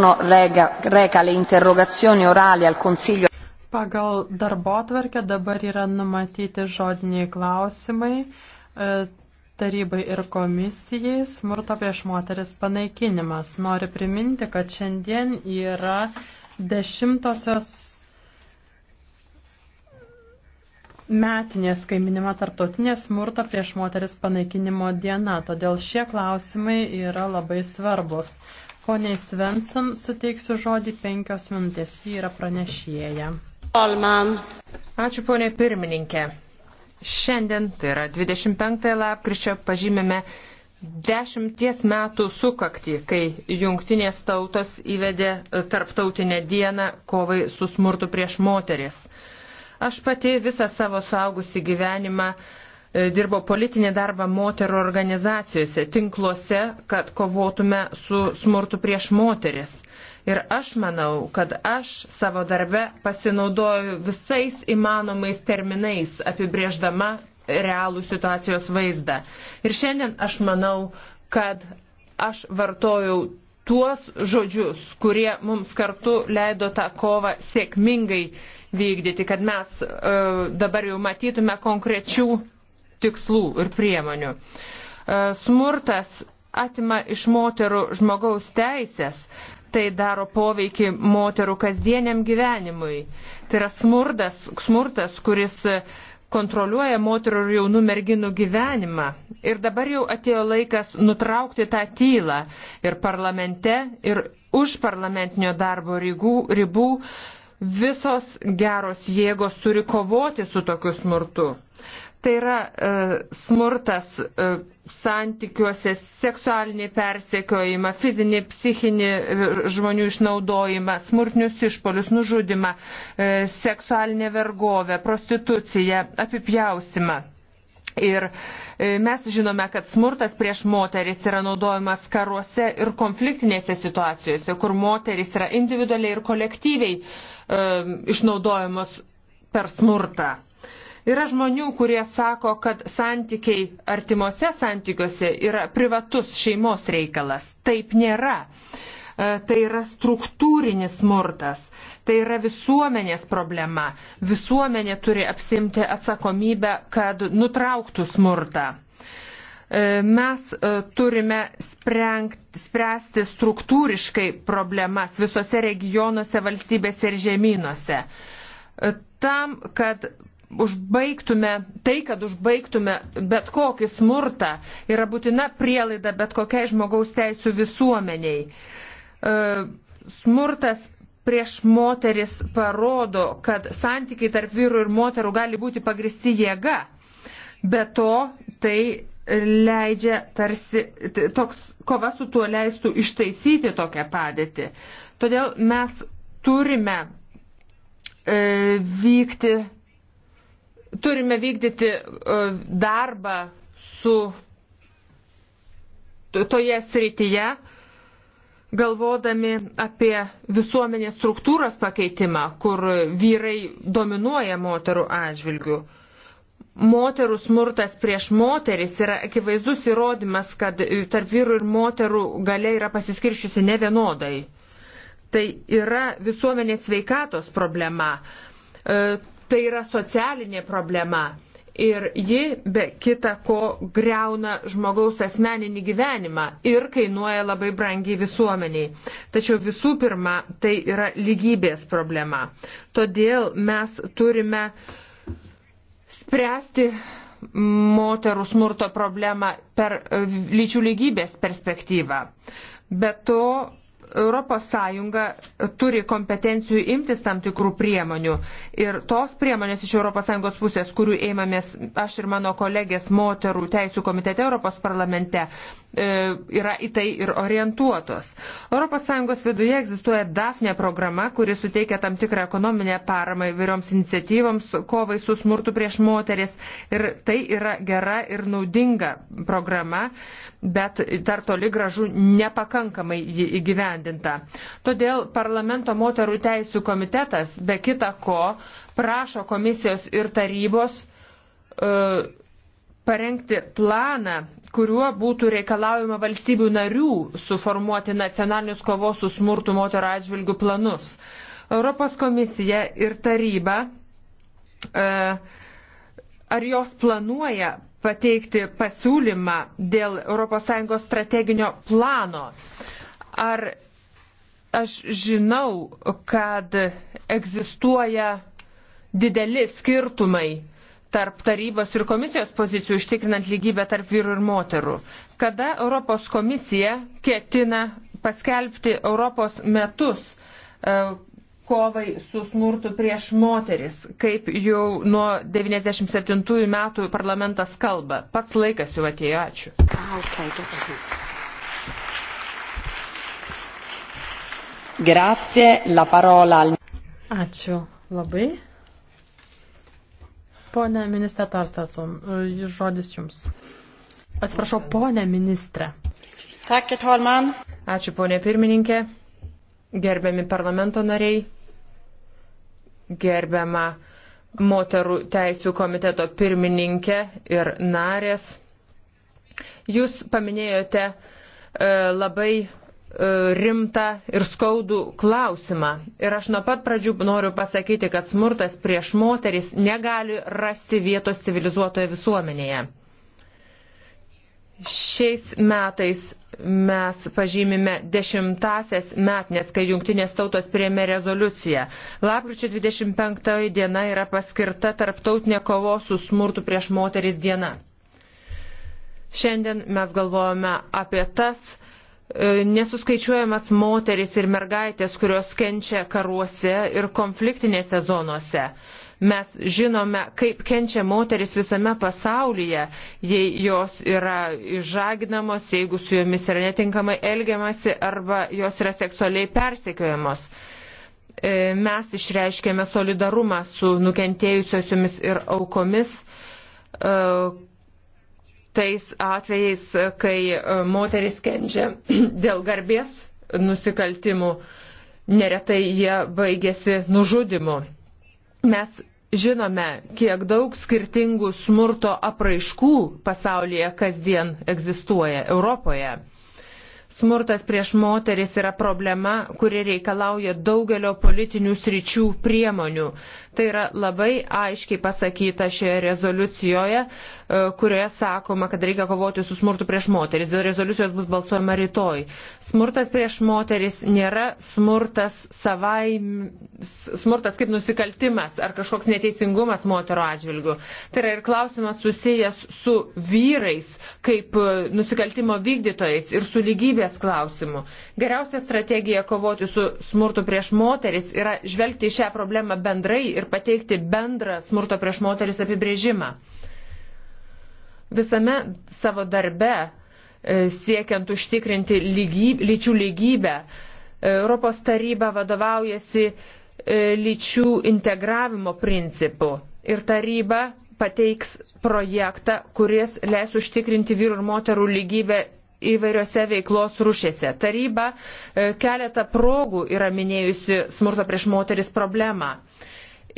giorno rega, reca le interrogazioni orali al Consiglio. Pagal darbo atverkę dabar yra numatyti žodiniai klausimai e, tarybai ir komisijai smurto prieš moteris panaikinimas. Noriu priminti, kad šiandien yra dešimtosios metinės, kai minima tarptautinė smurto prieš moteris panaikinimo diena, todėl šie klausimai yra labai svarbus. Poniai Svensson suteiksiu žodį penkios minutės. Ji yra pranešėja. Olman. Ačiū, ponė pirmininkė. Šiandien, tai yra 25 lapkričio, pažymėme dešimties metų sukakti, kai jungtinės tautos įvedė tarptautinę dieną kovai su smurtu prieš moteris. Aš pati visą savo saugusį gyvenimą uh, E, dirbo politinį darbą moterų organizacijose, tinkluose, kad kovotume su smurtu prieš moteris. Ir aš manau, kad aš savo darbe pasinaudoju visais įmanomais terminais, apibrėždama realų situacijos vaizdą. Ir šiandien aš manau, kad aš vartojau tuos žodžius, kurie mums kartu leido tą kovą sėkmingai vykdyti, kad mes uh, dabar jau matytume konkrečių tikslų ir priemonių. E, smurtas atima iš moterų žmogaus teisės, tai daro poveikį moterų kasdieniam gyvenimui. Tai yra smurdas, smurtas kuris kontroliuoja moterų ir jaunų merginų gyvenimą. Ir dabar jau atėjo laikas nutraukti tą tylą ir parlamente, ir už parlamentinio darbo rygų, ribų visos geros jėgos turi kovoti su tokiu smurtu. Tai yra e, smurtas e, santykiuose, seksualinį persekiojimą, fizinį, psichinį e, žmonių išnaudojimą, smurtinius išpolius, nužudimą, seksualinę vergovę, prostituciją, apipjausimą. Ir mes žinome, kad smurtas prieš moteris yra naudojamas karuose ir konfliktinėse situacijose, kur moteris yra individualiai ir kolektyviai e, išnaudojamos per smurtą. Yra žmonių, kurie sako, kad santykiai artimuose santykiuose yra privatus šeimos reikalas. Taip nėra. E, tai yra struktūrinis smurtas, tai yra visuomenės problema. Visuomenė turi apsimti atsakomybę, kad nutrauktų smurtą e, mes e, turime sprengti, spręsti struktūriškai problemas visose regionuose, valstybėse ir žemynuose. Tam, kad užbaigtume, tai, kad užbaigtume bet kokį smurtą, yra būtina prielaida bet kokiai žmogaus teisų visuomeniai. E, smurtas prieš moteris parodo, kad santykiai tarp vyrų ir moterų gali būti pagristi jėga. Be to, tai leidžia tarsi, toks kova su tuo leistų ištaisyti tokią padėtį. Todėl mes turime e, vykti turime vykdyti e, darbą su toje srityje, galvodami apie visuomenės struktūros pakeitimą, kur vyrai dominuoja moterų atžvilgių. Moterų smurtas prieš moteris yra akivaizdus įrodymas, kad tarp vyrų ir moterų galia yra pasiskiršiusi ne vienodai. Tai yra visuomenės veikatos problema e, Tai yra socialinė problema ir ji be kita ko greuna žmogaus asmeninį gyvenimą ir kainuoja labai brangiai visuomeniai. Tačiau visų pirma, tai yra lygybės problema. Todėl mes turime spręsti moterų smurto problemą per lyčių lygybės perspektyvą. Be to, ES turi kompetencijų imtis tam tikrų priemonių ir tos priemonės iš ES pusės, kurių ėmėmės aš ir mano kolegės moterų teisų komitete Europos parlamente, E, yra į tai ir orientuotos. ES viduje egzistuoja DAFNE programa, kuri suteikia tam tikrą ekonominę paramą įvairioms iniciatyvams, kovai su smurtu prieš moteris. Ir tai yra gera ir naudinga programa, bet dar toli gražu nepakankamai jį įgyvendinta. Todėl parlamento moterų teisų komitetas, be kita ko, prašo komisijos ir tarybos uh, parengti planą, kuriuo būtų reikalaujama valstybių narių suformuoti nacionalinius kovos su smurtu moterų atžvilgių planus. Europos komisija ir taryba, e, ar jos planuoja pateikti pasiūlymą dėl ES strateginio plano? Ar aš žinau, kad egzistuoja dideli skirtumai tarp tarybos ir komisijos pozicijų užtikrinant lygybę tarp vyrų ir moterų. Kada Europos komisija ketina paskelbti Europos metus e, kovai su smurtu prieš moteris, kaip jau nuo 97 metų parlamentas kalba. Pats laikas jau atėjo, ačiū. Grazie, la parola al. Ačiū labai. Pone ministrė Tarstatson, e, žodis jums. Atsiprašau, ponė ministrė. Ačiū, ponė pirmininkė, gerbiami parlamento nariai, gerbiama moterų teisų komiteto pirmininkė ir narės. Jūs paminėjote e, labai E, rimtą ir skaudų klausimą. Ir aš nuo pat pradžių noriu pasakyti, kad smurtas prieš moteris negali rasti vietos civilizuotoje visuomenėje. Šiais metais mes pažymime dešimtasias metnės, kai jungtinės tautos priemė rezoliuciją. Lapkričio 25 diena yra paskirta tarptautinė kovos su smurtu prieš moteris diena. Šiandien mes galvojame apie tas E, nesuskaičiuojamas moteris ir mergaitės, kurios kenčia karuose ir konfliktinėse zonuose. Mes žinome, kaip kenčia moteris visame pasaulyje, jei jos yra išžaginamos, jeigu su jomis yra netinkamai elgiamasi arba jos yra seksualiai persekiojamos. E, mes išreiškėme solidarumą su nukentėjusiosiomis ir aukomis, e, tais atvejais, kai e, moteris kenčia dėl garbės nusikaltimų, neretai jie baigėsi nužudimu. Mes žinome, kiek daug skirtingų smurto apraiškų pasaulyje kasdien egzistuoja Europoje. Smurtas prieš moteris yra problema, kuri reikalauja daugelio politinių sričių priemonių. Tai yra labai aiškiai pasakyta šioje rezoliucijoje, e, kurioje sakoma, kad reikia kovoti su smurtu prieš moteris. Dėl rezoliucijos bus balsuojama rytoj. Smurtas prieš moteris nėra smurtas savai, smurtas kaip nusikaltimas ar kažkoks neteisingumas moterų atžvilgių. Tai yra ir klausimas susijęs su vyrais kaip e, nusikaltimo vykdytojais ir su lygybės lyties klausimų. Geriausia strategija kovoti su smurtu prieš moteris yra žvelgti į šią problemą bendrai ir pateikti bendrą smurto prieš moteris apibrėžimą. Visame savo darbe e, siekiant užtikrinti lygyb, lyčių lygybę, Europos taryba vadovaujasi e, lyčių integravimo principu. Ir taryba pateiks projektą, kuris leis užtikrinti vyrų ir moterų lygybę įvairiose veiklos rušėse. Taryba e, keletą progų yra minėjusi smurto prieš moteris problemą.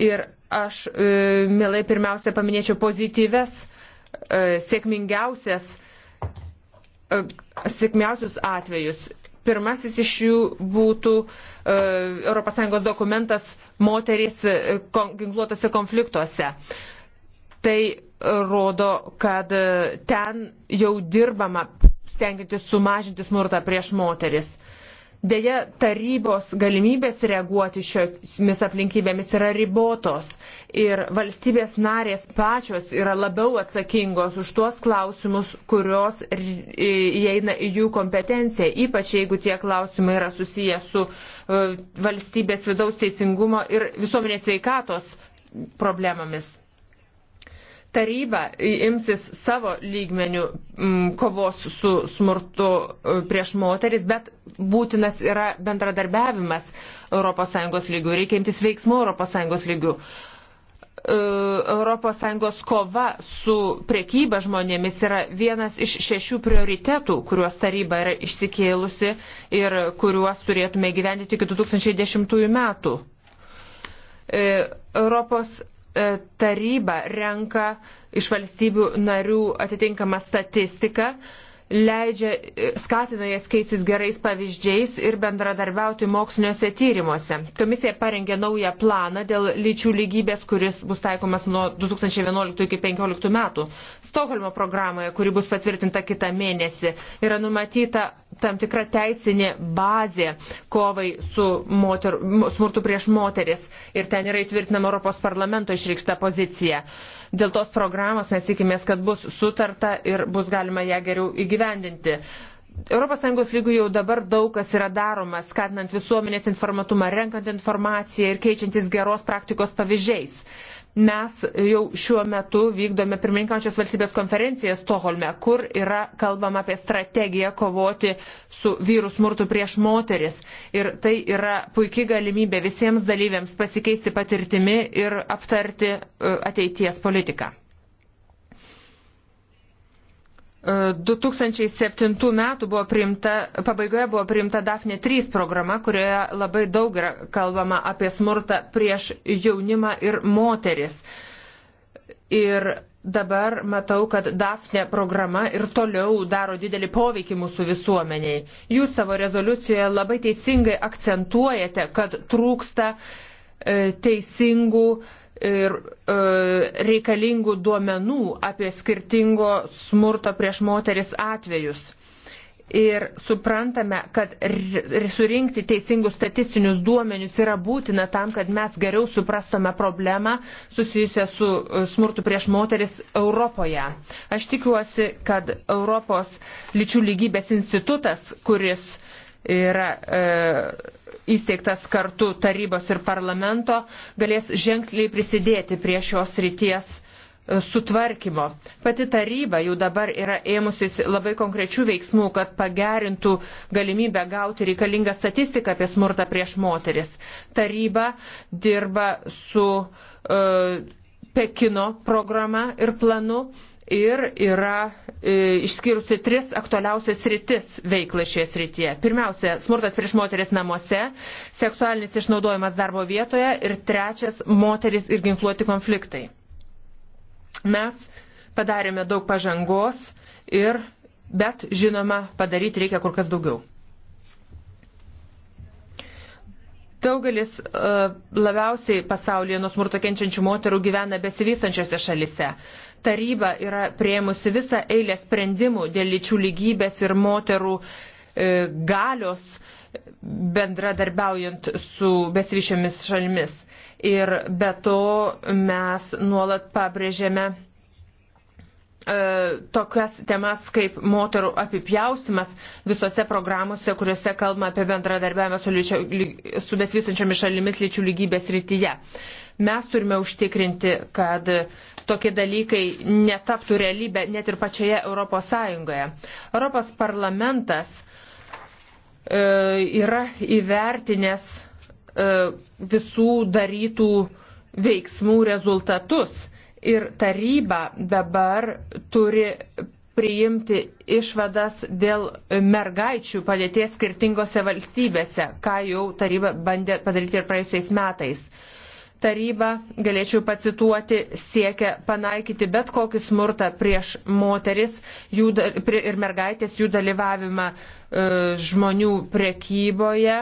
Ir aš, e, mielai, pirmiausia paminėčiau pozityves, e, sėkmingiausias, sėkmiausius atvejus. Pirmasis iš jų būtų ES dokumentas moterys ginkluotose konfliktuose. Tai rodo, kad ten jau dirbama stengiantis sumažinti smurtą prieš moteris. Deja, tarybos galimybės reaguoti šiomis aplinkybėmis yra ribotos ir valstybės narės pačios yra labiau atsakingos už tuos klausimus, kurios įeina į jų kompetenciją, ypač jeigu tie klausimai yra susiję su e, valstybės vidaus teisingumo ir visuomenės veikatos problemomis taryba imsis savo lygmenių mm, kovos su smurtu e, prieš moteris, bet būtinas yra bendradarbiavimas ES lygių, reikia imtis veiksmų ES lygių. ES kova su priekyba žmonėmis yra vienas iš šešių prioritetų, kuriuos taryba yra išsikėlusi ir kuriuos turėtume gyventi iki 2010 metų. E, Europos E, taryba renka iš valstybių narių atitinkamą statistiką, leidžia, e, skatina jas keistis gerais pavyzdžiais ir bendradarbiauti moksliniuose tyrimuose. Komisija parengė naują planą dėl lyčių lygybės, kuris bus taikomas nuo 2011 iki 2015 metų. Stokholmo programoje, kuri bus patvirtinta kitą mėnesį, yra numatyta tam tikra teisinė bazė kovai su moter, smurtu prieš moteris ir ten yra įtvirtinama Europos parlamento išreikšta pozicija. Dėl tos programos mes tikimės, kad bus sutarta ir bus galima ją geriau įgyvendinti. ES lygių jau dabar daug kas yra daroma, skatinant visuomenės informatumą, renkant informaciją ir keičiantis geros praktikos pavyzdžiais. Mes jau šiuo metu vykdome pirmininkančios valstybės konferenciją Stoholme, kur yra kalbama apie strategiją kovoti su vyrų smurtu prieš moteris. Ir tai yra puikia galimybė visiems dalyviams pasikeisti patirtimi ir aptarti e, ateities politiką. 2007 metų buvo priimta, pabaigoje buvo priimta DAFNE 3 programa, kurioje labai daug yra kalbama apie smurtą prieš jaunimą ir moteris. Ir dabar matau, kad DAFNE programa ir toliau daro didelį poveikį mūsų visuomeniai. Jūs savo rezoliucijoje labai teisingai akcentuojate, kad trūksta e, teisingų e, ir e, reikalingų duomenų apie skirtingo smurto prieš moteris atvejus. Ir suprantame, kad surinkti teisingus statistinius duomenius yra būtina tam, kad mes geriau suprastume problemą susijusią su e, smurtu prieš moteris Europoje. Aš tikiuosi, kad Europos lyčių lygybės institutas, kuris yra. E, įsteigtas kartu tarybos ir parlamento galės ženkliai prisidėti prie šios ryties e, sutvarkymo. Pati taryba jau dabar yra ėmusis labai konkrečių veiksmų, kad pagerintų galimybę gauti reikalingą statistiką apie smurtą prieš moteris. Taryba dirba su uh, Pekino programa ir planu. Uh, ir yra e, išskyrusi tris aktualiausias rytis veiklai šioje srityje. Pirmiausia, smurtas prieš moteris namuose, seksualinis išnaudojimas darbo vietoje ir trečias, moteris ir ginkluoti konfliktai. Mes padarėme daug pažangos ir, bet žinoma, padaryti reikia kur kas daugiau. Daugelis uh, labiausiai pasaulyje nuo smurto kenčiančių moterų gyvena besivystančiose šalise. Taryba yra prieimusi visą eilę sprendimų dėl lyčių lygybės ir moterų uh, galios bendradarbiaujant su besivyšiomis šalimis. Ir be to mes nuolat pabrėžėme uh, E, tokias temas kaip moterų apipjaustimas visose programuose, kuriuose kalbama apie bendradarbiavimą su, lyčio, su besvysančiomis šalimis lyčių lygybės rytyje. Mes turime užtikrinti, kad tokie dalykai netaptų realybę net ir pačioje Europos Sąjungoje. Europos parlamentas e, yra įvertinęs e, visų darytų veiksmų rezultatus ir taryba dabar turi priimti išvadas dėl mergaičių padėties skirtingose valstybėse, ką jau taryba bandė padaryti ir praėjusiais metais. Taryba, galėčiau pacituoti, siekia panaikyti bet kokį smurtą prieš moteris jų, ir mergaitės jų dalyvavimą e, žmonių prekyboje,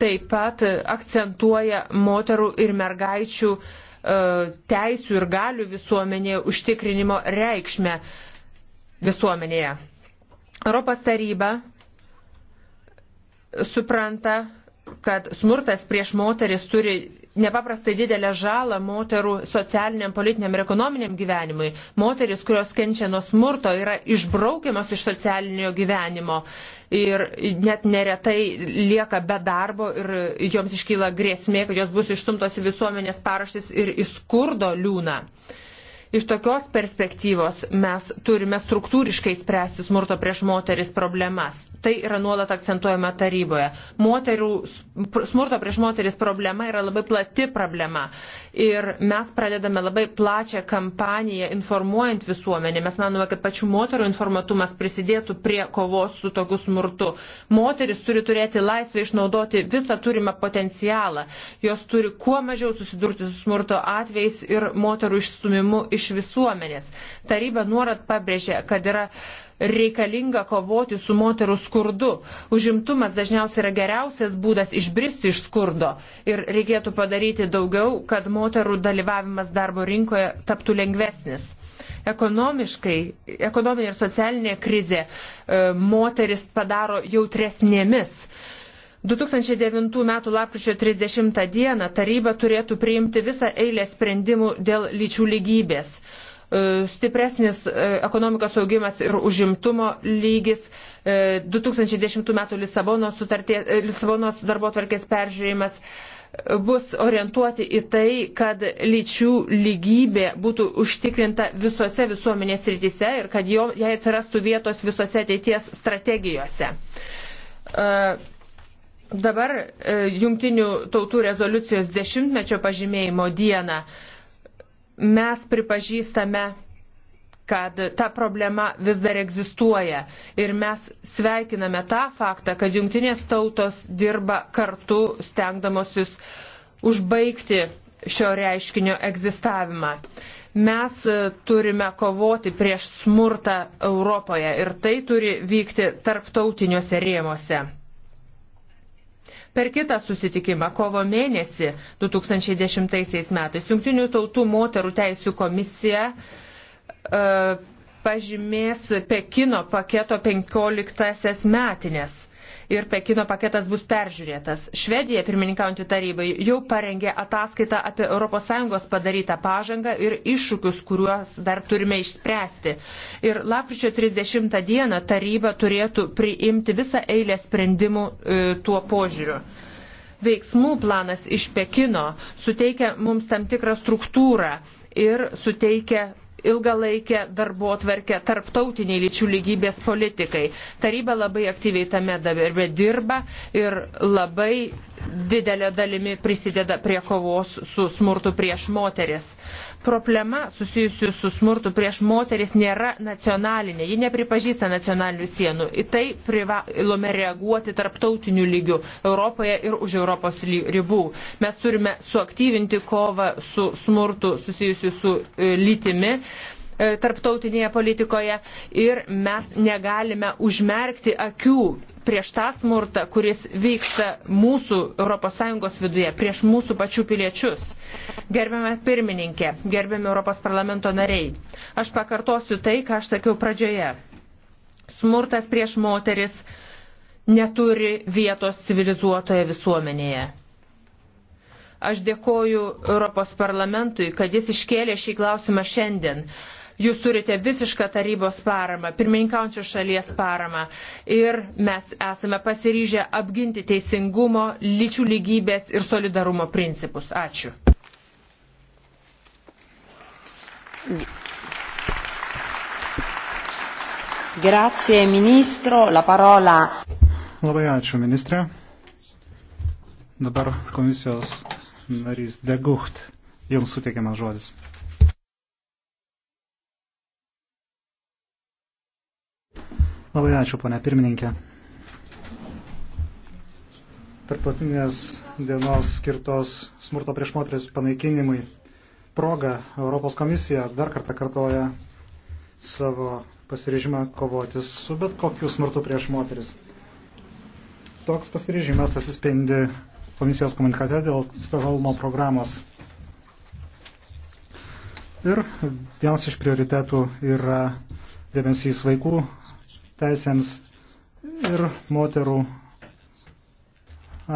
taip pat akcentuoja moterų ir mergaičių uh, E, teisų ir galių visuomenėje užtikrinimo reikšmę visuomenėje. Europos taryba supranta, kad smurtas prieš moteris turi nepaprastai didelę žalą moterų socialiniam, politiniam ir ekonominiam gyvenimui. Moteris, kurios kenčia nuo smurto, yra išbraukiamas iš socialinio gyvenimo ir net neretai lieka be darbo ir joms iškyla grėsmė, kad jos bus išstumtos į visuomenės paraštis ir į skurdo liūną. Iš tokios perspektyvos mes turime struktūriškai spręsti smurto prieš moteris problemas tai yra nuolat akcentuojama taryboje. Moterų, smurto prieš moteris problema yra labai plati problema. Ir mes pradedame labai plačią kampaniją informuojant visuomenę. Mes manome, kad pačių moterų informatumas prisidėtų prie kovos su tokiu smurtu. Moteris turi turėti laisvę išnaudoti visą turimą potencialą. Jos turi kuo mažiau susidurti su smurto atvejais ir moterų išstumimu iš visuomenės. Taryba nuolat pabrėžė, kad yra uh, reikalinga kovoti su moterų skurdu. Užimtumas dažniausiai yra geriausias būdas išbristi iš skurdo ir reikėtų padaryti daugiau, kad moterų dalyvavimas darbo rinkoje taptų lengvesnis. Ekonomiškai, ekonominė ir socialinė krizė e, moteris padaro jautresnėmis. 2009 m. lapkričio 30 d. taryba turėtų priimti visą eilę sprendimų dėl lyčių lygybės. E, stipresnis e, ekonomikos augimas ir užimtumo lygis, 2010 e, m. Lisabonos, sutartė, Lisabonos darbo tvarkės peržiūrėjimas bus orientuoti į tai, kad lyčių lygybė būtų užtikrinta visose visuomenės rytise ir kad jo, jai atsirastų vietos visose ateities strategijose. Dabar jungtinių tautų rezoliucijos dešimtmečio pažymėjimo dieną uh, mes pripažįstame, kad ta problema vis dar egzistuoja ir mes sveikiname tą faktą, kad jungtinės tautos dirba kartu stengdamosius užbaigti šio reiškinio egzistavimą. Mes e, turime kovoti prieš smurtą Europoje ir tai turi vykti tarptautiniuose rėmuose. Per kitą susitikimą kovo mėnesį 2010 metais Junktinių tautų moterų teisų komisija e, pažymės Pekino paketo 15 metinės ir Pekino paketas bus peržiūrėtas. Švedija, pirmininkaujantį tarybai, jau parengė ataskaitą apie ES padarytą pažangą ir iššūkius, kuriuos dar turime išspręsti. Ir lapkričio 30 dieną taryba turėtų priimti visą eilę sprendimų e, tuo požiūriu. Veiksmų planas iš Pekino suteikia mums tam tikrą struktūrą ir suteikia ilgalaikę darbo atverkę tarptautiniai lyčių lygybės politikai. Taryba labai aktyviai tame darbe dirba ir labai didelė dalimi prisideda prie kovos su smurtu prieš moteris. Uh, Problema susijusi su smurtu prieš moteris nėra nacionalinė, ji nepripažįsta nacionalinių sienų. Į tai privalome reaguoti tarptautiniu lygiu Europoje ir už Europos ribų. Mes turime suaktyvinti kovą su smurtu susijusiu su e, lytimi E, tarptautinėje politikoje ir mes negalime užmerkti akių prieš tą smurtą, kuris vyksta mūsų ES viduje, prieš mūsų pačių piliečius. Gerbiame pirmininkė, gerbiame Europos parlamento nariai. Aš pakartosiu tai, ką aš sakiau pradžioje. Smurtas prieš moteris neturi vietos civilizuotoje visuomenėje. Aš dėkoju Europos parlamentui, kad jis iškėlė šį klausimą šiandien. Jūs turite visišką tarybos paramą, pirmininkaujančios šalies paramą ir mes esame pasiryžę apginti teisingumo, lyčių lygybės ir solidarumo principus. Ačiū. Grazie, ministro. La parola. Labai ačiū, ministrė. Dabar komisijos narys Degucht, jums suteikiamas žodis. Labai ačiū, ponė pirmininkė. Tarptautinės dienos skirtos smurto prieš moteris panaikinimui proga Europos komisija dar kartą kartoja savo pasirežimą kovoti su bet kokiu smurtu prieš moteris. Toks pasirežimas atsispindi komisijos komunikate dėl Stokholmo programos. Ir vienas iš prioritetų yra dėmesys vaikų teisėms ir moterų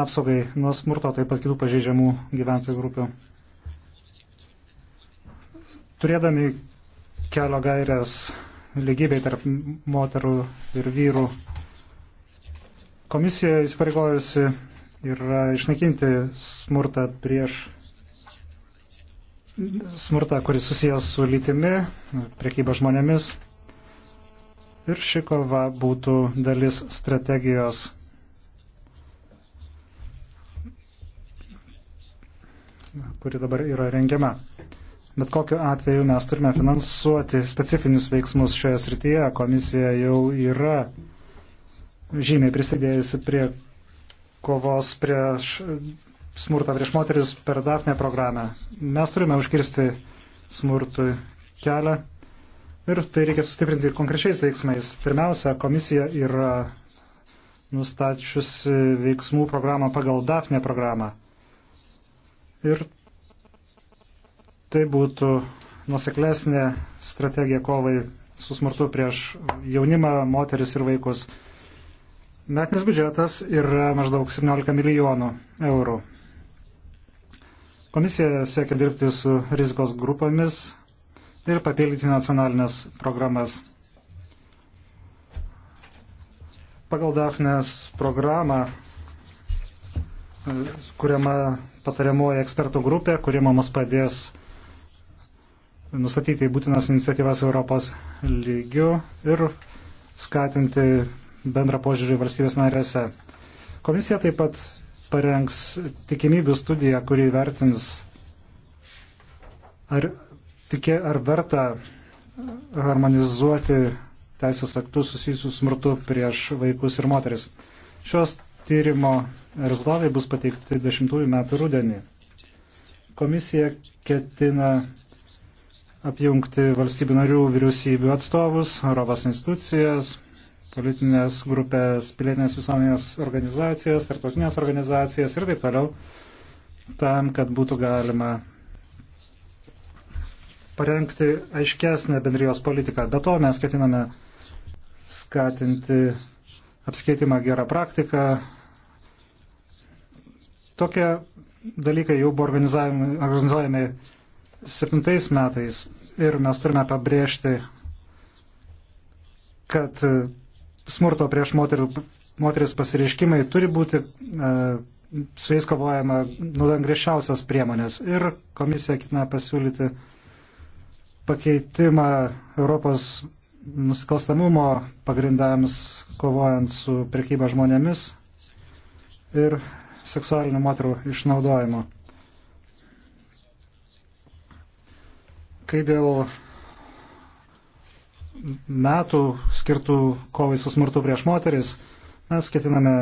apsaugai nuo smurto, taip pat kitų pažeidžiamų gyventojų grupių. Turėdami kelio gairias lygybei tarp moterų ir vyrų, komisija įsipareigojusi yra išnaikinti smurtą prieš smurtą, kuris susijęs su lytimi, priekyba žmonėmis, ir ši kova būtų dalis strategijos. kuri dabar yra rengiama. Bet kokiu atveju mes turime finansuoti specifinius veiksmus šioje srityje. Komisija jau yra žymiai prisidėjusi prie kovos prieš smurtą prieš moteris per Dafne programą. Mes turime užkirsti smurtui kelią Ir tai reikia sustiprinti konkrečiais veiksmais. Pirmiausia, komisija yra nustačiusi veiksmų programą pagal DAFNE programą. Ir tai būtų nuseklesnė strategija kovai su smurtu prieš jaunimą, moteris ir vaikus. Metinis biudžetas yra maždaug 17 milijonų eurų. Komisija siekia dirbti su rizikos grupomis, ir papildyti nacionalinės programas. Pagal DAFNES programą kuriama patariamoji ekspertų grupė, kuri mums padės nustatyti būtinas iniciatyvas Europos lygių ir skatinti bendrą požiūrį valstybės narėse. Komisija taip pat parengs tikimybių studiją, kuri vertins, ar tikė, ar verta harmonizuoti teisės aktus susijusius smurtu prieš vaikus ir moteris. Šios tyrimo rezultatai bus pateikti 10 metų rudenį. Komisija ketina apjungti valstybių narių vyriausybių atstovus, Europos institucijas, politinės grupės, pilietinės visuomenės organizacijas, tarptautinės organizacijas ir taip toliau, tam, kad būtų galima parengti aiškesnę bendrijos politiką. Be to mes ketiname skatinti apskaitimą gerą praktiką. Tokie dalykai jau buvo organizuojami, organizuojami septintais metais ir mes turime pabrėžti, kad smurto prieš moterų, moteris pasireiškimai turi būti e, su jais kovojama naudojant griežčiausias priemonės ir komisija ketina pasiūlyti pakeitimą Europos nusikalstamumo pagrindams kovojant su prekyba žmonėmis ir seksualiniu moterų išnaudojimu. Kai dėl metų skirtų kovai su smurtu prieš moteris, mes ketiname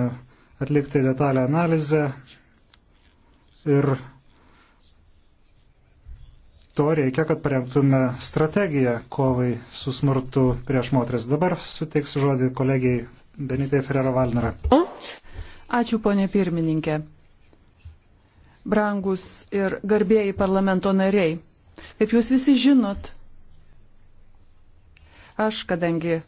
atlikti detalę analizę ir to reikia, kad parengtume strategiją kovai su smurtu prieš moteris. Dabar suteiksiu žodį kolegijai Benitai Ferrero Valnera. Ačiū, ponė pirmininkė. Brangus ir garbėjai parlamento nariai. Kaip jūs visi žinot, aš, kadangi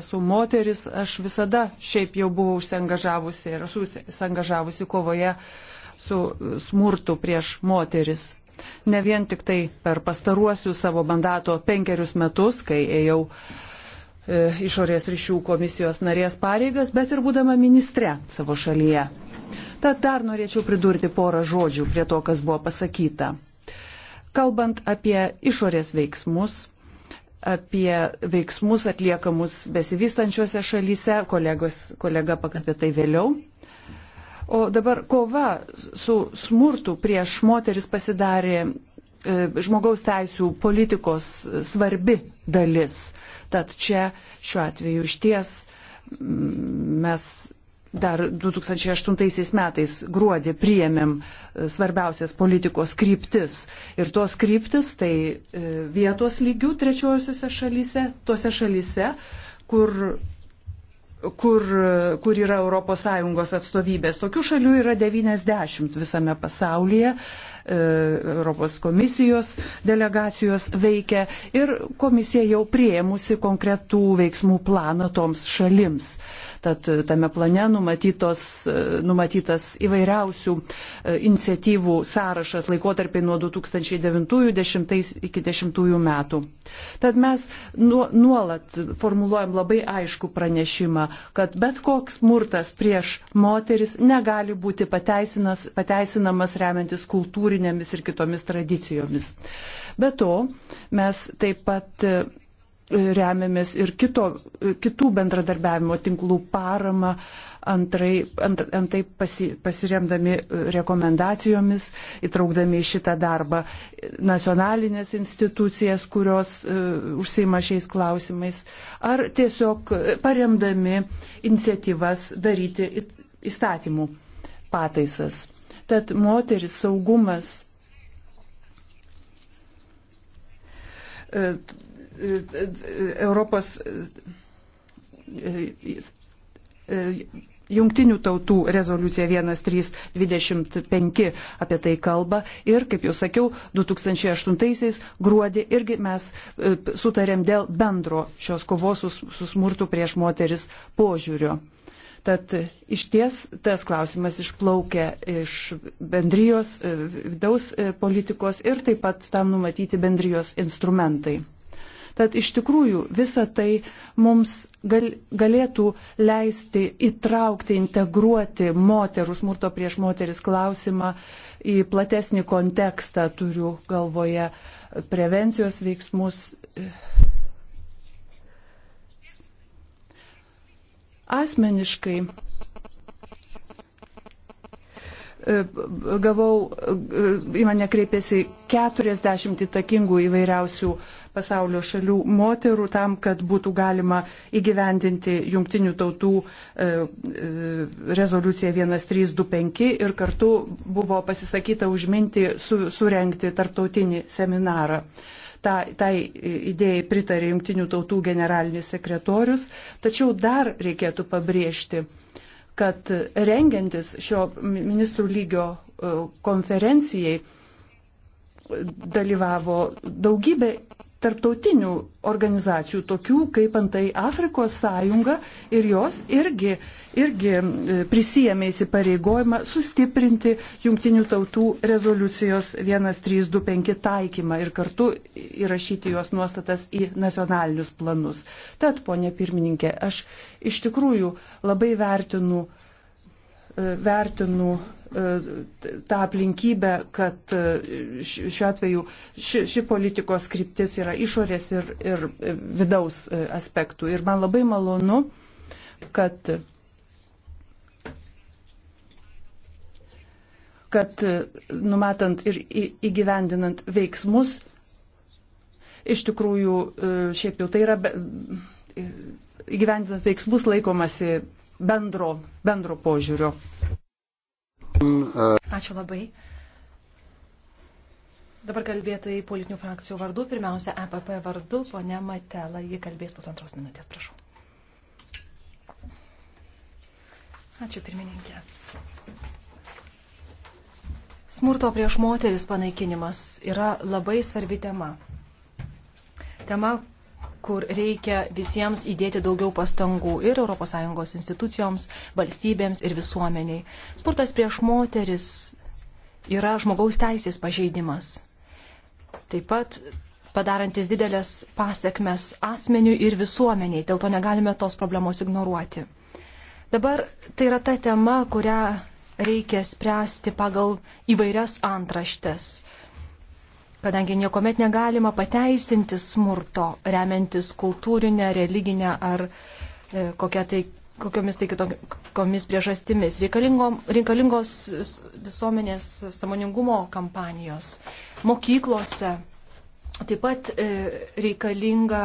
esu moteris, aš visada šiaip jau buvau užsiengažavusi ir esu užsiengažavusi kovoje su smurtu prieš moteris. Ne vien tik tai per pastaruosius savo mandato penkerius metus, kai ėjau e, išorės ryšių komisijos narės pareigas, bet ir būdama ministre savo šalyje. Tad dar norėčiau pridurti porą žodžių prie to, kas buvo pasakyta. Kalbant apie išorės veiksmus, apie veiksmus atliekamus besivystančiose šalyse, kolegos, kolega apie tai vėliau, O dabar kova su smurtu prieš moteris pasidarė e, žmogaus teisų politikos svarbi dalis. Tad čia šiuo atveju išties mes dar 2008 metais gruodį priėmėm e, svarbiausias politikos kryptis. Ir tos kryptis tai e, vietos lygių trečiosiuose šalyse, tose šalyse, kur kur, kur yra ES atstovybės. Tokių šalių yra 90 visame pasaulyje. Uh, E, Europos komisijos delegacijos veikia ir komisija jau prieimusi konkretų veiksmų planą toms šalims. Tad e, tame plane numatytos, e, numatytas įvairiausių iniciatyvų sąrašas laikotarpiai nuo 2009-2010 iki 2010 metų. Tad mes nu, nuolat formuluojam labai aišku pranešimą, kad bet koks smurtas prieš moteris negali būti pateisinamas remiantis kultūrai kultūrinėmis ir kitomis tradicijomis. Be to, mes taip pat e, remiamės ir kito, e, kitų bendradarbiavimo tinklų parama, antrai, ant, antai pasi, pasiremdami e, rekomendacijomis, įtraukdami į šitą darbą nacionalinės institucijas, kurios uh, užsima šiais klausimais, ar tiesiog paremdami iniciatyvas daryti įstatymų pataisas. Tad moteris saugumas Europos Jungtinių tautų rezoliucija 1325 apie tai kalba ir, kaip jau sakiau, 2008 gruodį irgi mes e, sutarėm dėl bendro šios kovos su smurtu prieš moteris požiūrio. Tad iš ties tas klausimas išplaukia iš bendrijos e, vidaus e, politikos ir taip pat tam numatyti bendrijos instrumentai. Tad iš tikrųjų visa tai mums gal, galėtų leisti įtraukti, integruoti moterų smurto prieš moteris klausimą į platesnį kontekstą, turiu galvoje prevencijos veiksmus e, asmeniškai e, gavau, e, į mane kreipėsi 40 įtakingų įvairiausių pasaulio šalių moterų tam, kad būtų galima įgyvendinti jungtinių tautų e, rezoliuciją 1325 ir kartu buvo pasisakyta užminti su, surenkti tarptautinį seminarą. Ta, tai idėjai pritarė Junktinių tautų generalinis sekretorius, tačiau dar reikėtų pabrėžti, kad rengiantis šio ministrų lygio e, konferencijai dalyvavo daugybė tarptautinių organizacijų, tokių kaip antai Afrikos sąjunga ir jos irgi, irgi e, prisijėmė įsipareigojimą sustiprinti jungtinių tautų rezoliucijos 1325 taikymą ir kartu įrašyti jos nuostatas į nacionalinius planus. Tad, ponė pirmininkė, aš iš tikrųjų labai vertinu uh, E, vertinu e, tą aplinkybę, kad e, šiuo atveju ši, ši politikos kryptis yra išorės ir, ir vidaus aspektų. Ir man labai malonu, kad, kad numatant ir įgyvendinant veiksmus, iš tikrųjų šiaip jau tai yra. Be, įgyvendinant veiksmus laikomasi bendro, bendro požiūrio. Ačiū labai. Dabar kalbėtojai politinių frakcijų vardu, pirmiausia, EPP vardu, ponia Matela, ji kalbės pusantros minutės, prašau. Ačiū pirmininkė. Smurto prieš moteris panaikinimas yra labai svarbi tema. Tema, kur reikia visiems įdėti daugiau pastangų ir ES institucijoms, valstybėms ir visuomeniai. Spurtas prieš moteris yra žmogaus teisės pažeidimas. Taip pat padarantis didelės pasiekmes asmeniui ir visuomeniai, dėl to negalime tos problemos ignoruoti. Dabar tai yra ta tema, kurią reikia spręsti pagal įvairias antraštes kadangi niekuomet negalima pateisinti smurto, remiantis kultūrinę, religinę ar e, kokia tai, kokiomis tai kitokiomis priežastimis. Reikalingo, reikalingos visuomenės samoningumo kampanijos. Mokyklose taip pat e, reikalinga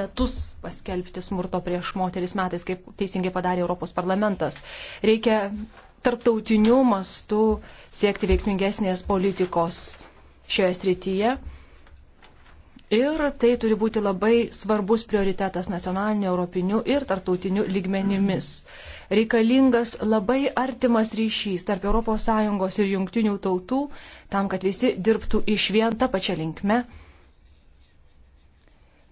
metus paskelbti smurto prieš moteris metais, kaip teisingai padarė Europos parlamentas. Reikia tarptautinių mastų siekti veiksmingesnės politikos šioje srityje. Ir tai turi būti labai svarbus prioritetas nacionaliniu, europiniu ir tarptautiniu lygmenimis. Reikalingas labai artimas ryšys tarp ES ir jungtinių tautų, tam, kad visi dirbtų iš vien tą pačią linkmę.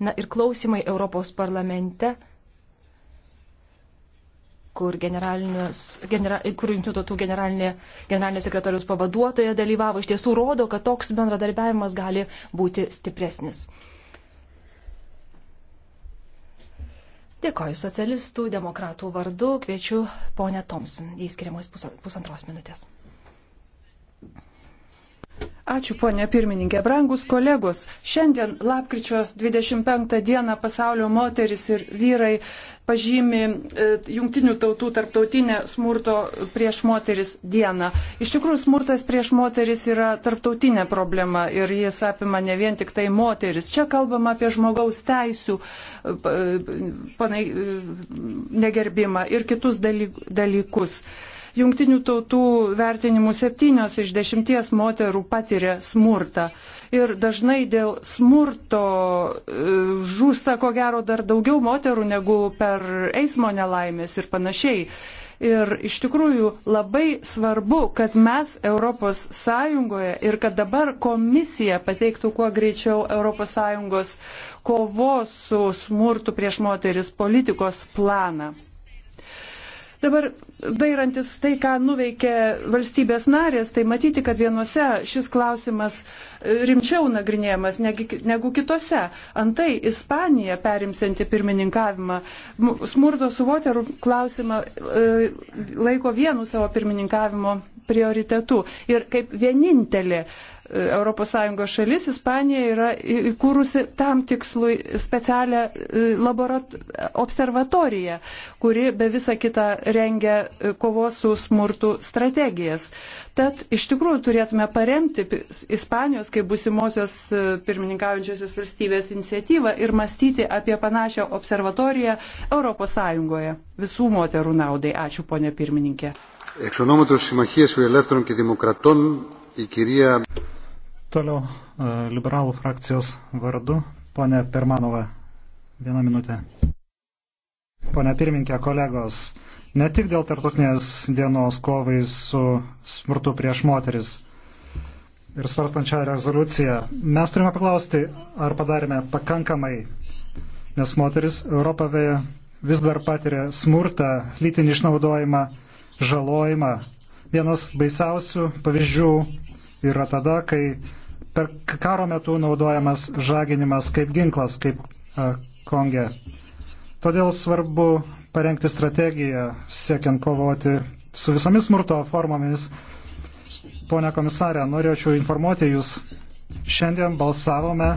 Na ir klausimai Europos parlamente kur, genera, kur jungtinių tautų generalinė, generalinio sekretoriaus pavaduotoja dalyvavo, iš tiesų rodo, kad toks bendradarbiavimas gali būti stipresnis. Dėkoju socialistų, demokratų vardu, kviečiu ponę Thompson, jai skiriamos pusantros minutės. Ačiū, ponė pirmininkė. Brangus kolegos, šiandien lapkričio 25 dieną pasaulio moteris ir vyrai pažymi e, Junktinių tautų tarptautinę smurto prieš moteris dieną. Iš tikrųjų, smurtas prieš moteris yra tarptautinė problema ir jis apima ne vien tik tai moteris. Čia kalbama apie žmogaus teisų e, e, panai, negerbimą ir kitus dalykus. Jungtinių tautų vertinimų septynios iš dešimties moterų patiria smurtą. Ir dažnai dėl smurto e, žūsta, ko gero, dar daugiau moterų negu per eismo nelaimės ir panašiai. Ir iš tikrųjų labai svarbu, kad mes ES ir kad dabar komisija pateiktų kuo greičiau ES kovos su smurtu prieš moteris politikos planą. Dabar dairantis tai, ką nuveikė valstybės narės, tai matyti, kad vienose šis klausimas e, rimčiau nagrinėjamas negu kitose. Antai Ispanija perimsianti pirmininkavimą smurto su moterų klausimą e, laiko vienu savo pirmininkavimo prioritetu ir kaip vienintelė ES šalis, Ispanija yra įkūrusi tam tikslui specialią e, observatoriją, kuri be visą kitą rengia e, kovos su smurtu strategijas. Tad iš tikrųjų turėtume paremti Ispanijos kaip busimosios e, pirmininkaujančiosios valstybės iniciatyvą ir mąstyti apie panašią observatoriją ES visų moterų naudai. Ačiū, ponė pirmininkė. Εξ ονόματος Συμμαχίας Φιλελεύθερων και Δημοκρατών, η κυρία Toliau e, liberalų frakcijos vardu, ponė Permanova, vieną minutę. Pone pirminkė, kolegos, ne tik dėl tartutinės dienos kovai su smurtu prieš moteris ir svarstančią rezoliuciją, mes turime paklausti, ar padarėme pakankamai, nes moteris Europoje vis dar patiria smurtą, lytinį išnaudojimą, žalojimą. Vienas baisiausių pavyzdžių yra tada, kai per karo metu naudojamas žaginimas kaip ginklas, kaip e, Konge. Todėl svarbu parengti strategiją siekiant kovoti su visomis smurto formomis. Pone komisarė, norėčiau informuoti Jūs, šiandien balsavome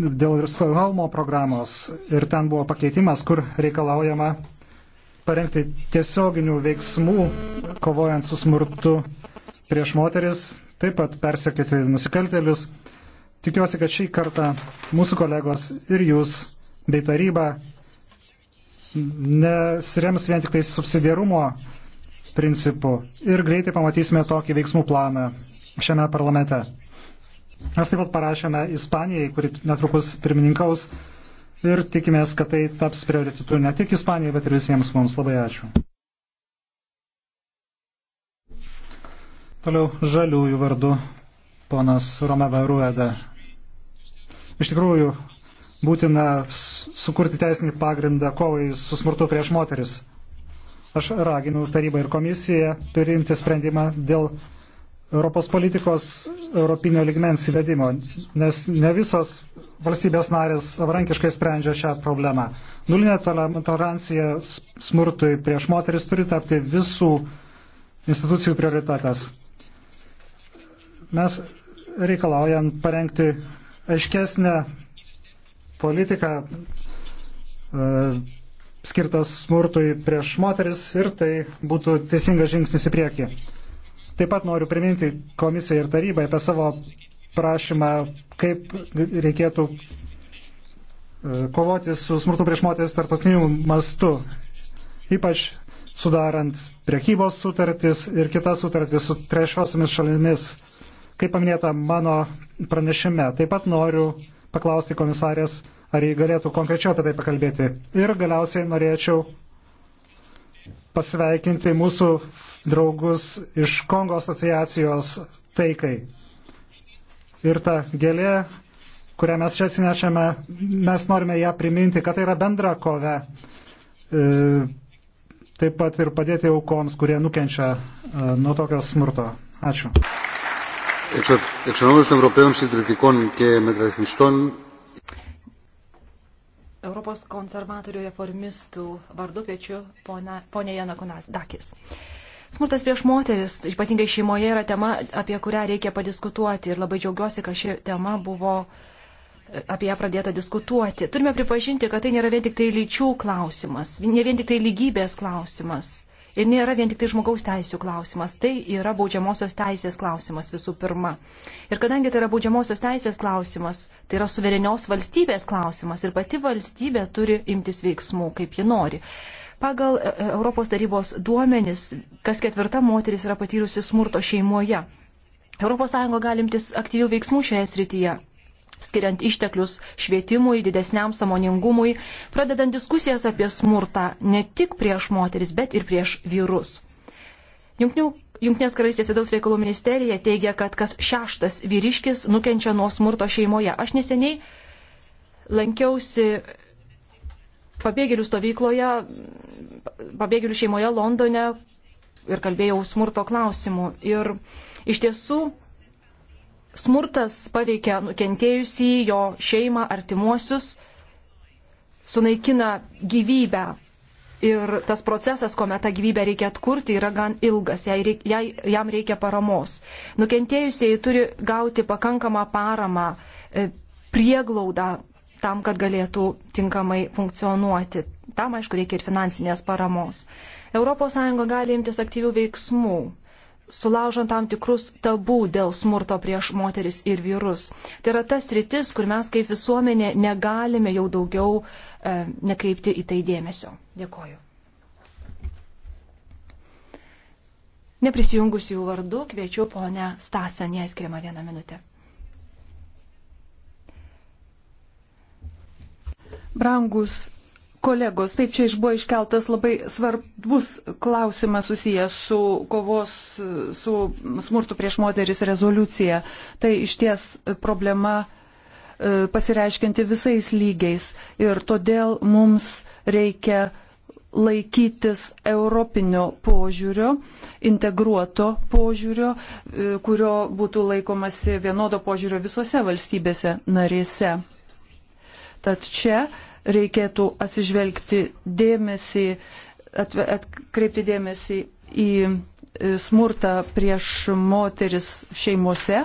dėl Stokholmo programos ir ten buvo pakeitimas, kur reikalaujama parengti tiesioginių veiksmų, kovojant su smurtu prieš moteris, taip pat persekėti nusikaltelius. Tikiuosi, kad šį kartą mūsų kolegos ir jūs bei taryba nesirems vien tik tai subsidiarumo principu ir greitai pamatysime tokį veiksmų planą šiame parlamente. Mes taip pat parašėme Ispanijai, kuri netrukus pirmininkaus ir tikimės, kad tai taps prioritetu ne tik Ispanijai, bet ir visiems mums. Labai ačiū. Toliau žaliųjų vardu ponas Romeva Rueda. Iš tikrųjų, būtina sukurti teisinį pagrindą kovai su smurtu prieš moteris. Aš raginu tarybą ir komisiją priimti sprendimą dėl Europos politikos europinio ligmens įvedimo, nes ne visos valstybės narės savarankiškai sprendžia šią problemą. Nulinė tolerancija smurtui prieš moteris turi tapti visų institucijų prioritetas. Mes reikalaujam parengti aiškesnę politiką e, skirtas smurtui prieš moteris ir tai būtų teisingas žingsnis į priekį. Taip pat noriu priminti komisijai ir tarybai apie savo prašymą, kaip reikėtų e, kovoti su smurtu prieš moteris tarptautiniu mastu, ypač sudarant priekybos sutartis ir kitas sutartis su trečiosiomis šalimis kaip paminėta mano pranešime. Taip pat noriu paklausti komisarės, ar jį galėtų konkrečiau apie tai pakalbėti. Ir galiausiai norėčiau pasveikinti mūsų draugus iš Kongo asociacijos taikai. Ir ta gėlė, kurią mes čia atsinešame, mes norime ją priminti, kad tai yra bendra kove. E, taip pat ir padėti aukoms, kurie nukenčia e, nuo tokio smurto. Ačiū. Εξ ονόματος των Ευρωπαίων Συντηρητικών και Μεταρρυθμιστών Europos konservatorių reformistų vardu kviečiu ponę Janą Kunadakis. Smurtas prieš moteris, ypatingai šeimoje, yra tema, apie kurią reikia padiskutuoti ir labai džiaugiuosi, kad ši tema buvo e, apie ją pradėta diskutuoti. Turime pripažinti, kad tai nėra vien tik tai lyčių klausimas, ne vien tik tai lygybės klausimas. Ir nėra vien tik tai žmogaus teisų klausimas, tai yra baudžiamosios teisės klausimas visų pirma. Ir kadangi tai yra baudžiamosios teisės klausimas, tai yra suverenios valstybės klausimas ir pati valstybė turi imtis veiksmų, kaip ji nori. Pagal e, e, Europos tarybos duomenis, kas ketvirta moteris yra patyrusi smurto šeimoje. ES galimtis aktyvių veiksmų šioje srityje skiriant išteklius švietimui, didesniam samoningumui, pradedant diskusijas apie smurtą ne tik prieš moteris, bet ir prieš vyrus. Junknių, Junktinės karalystės vidaus reikalų ministerija teigia, kad kas šeštas vyriškis nukenčia nuo smurto šeimoje. Aš neseniai lankiausi pabėgėlių stovykloje, pabėgėlių šeimoje Londone ir kalbėjau smurto klausimu. Ir iš tiesų Smurtas paveikia nukentėjusį, jo šeimą, artimuosius, sunaikina gyvybę. Ir tas procesas, kuomet tą gyvybę reikia atkurti, yra gan ilgas, jai reik, jai, jam reikia paramos. Nukentėjusieji turi gauti pakankamą paramą, e, prieglaudą tam, kad galėtų tinkamai funkcionuoti. Tam, aišku, reikia ir finansinės paramos. ES gali imtis aktyvių veiksmų sulaužant tam tikrus tabų dėl smurto prieš moteris ir vyrus. Tai yra tas rytis, kur mes kaip visuomenė negalime jau daugiau e, nekreipti į tai dėmesio. Dėkoju. Neprisijungus jų vardu, kviečiu ponę Stasą, neįskiriamą vieną minutę. Brangus Kolegos, taip čia buvo iškeltas labai svarbus klausimas susijęs su kovos su smurtu prieš moteris rezoliucija. Tai iš ties problema e, pasireiškinti visais lygiais ir todėl mums reikia laikytis europinio požiūrio, integruoto požiūrio, e, kurio būtų laikomasi vienodo požiūrio visose valstybėse narėse. Tad čia reikėtų atsižvelgti dėmesį, atkreipti dėmesį į e, smurtą prieš moteris šeimose.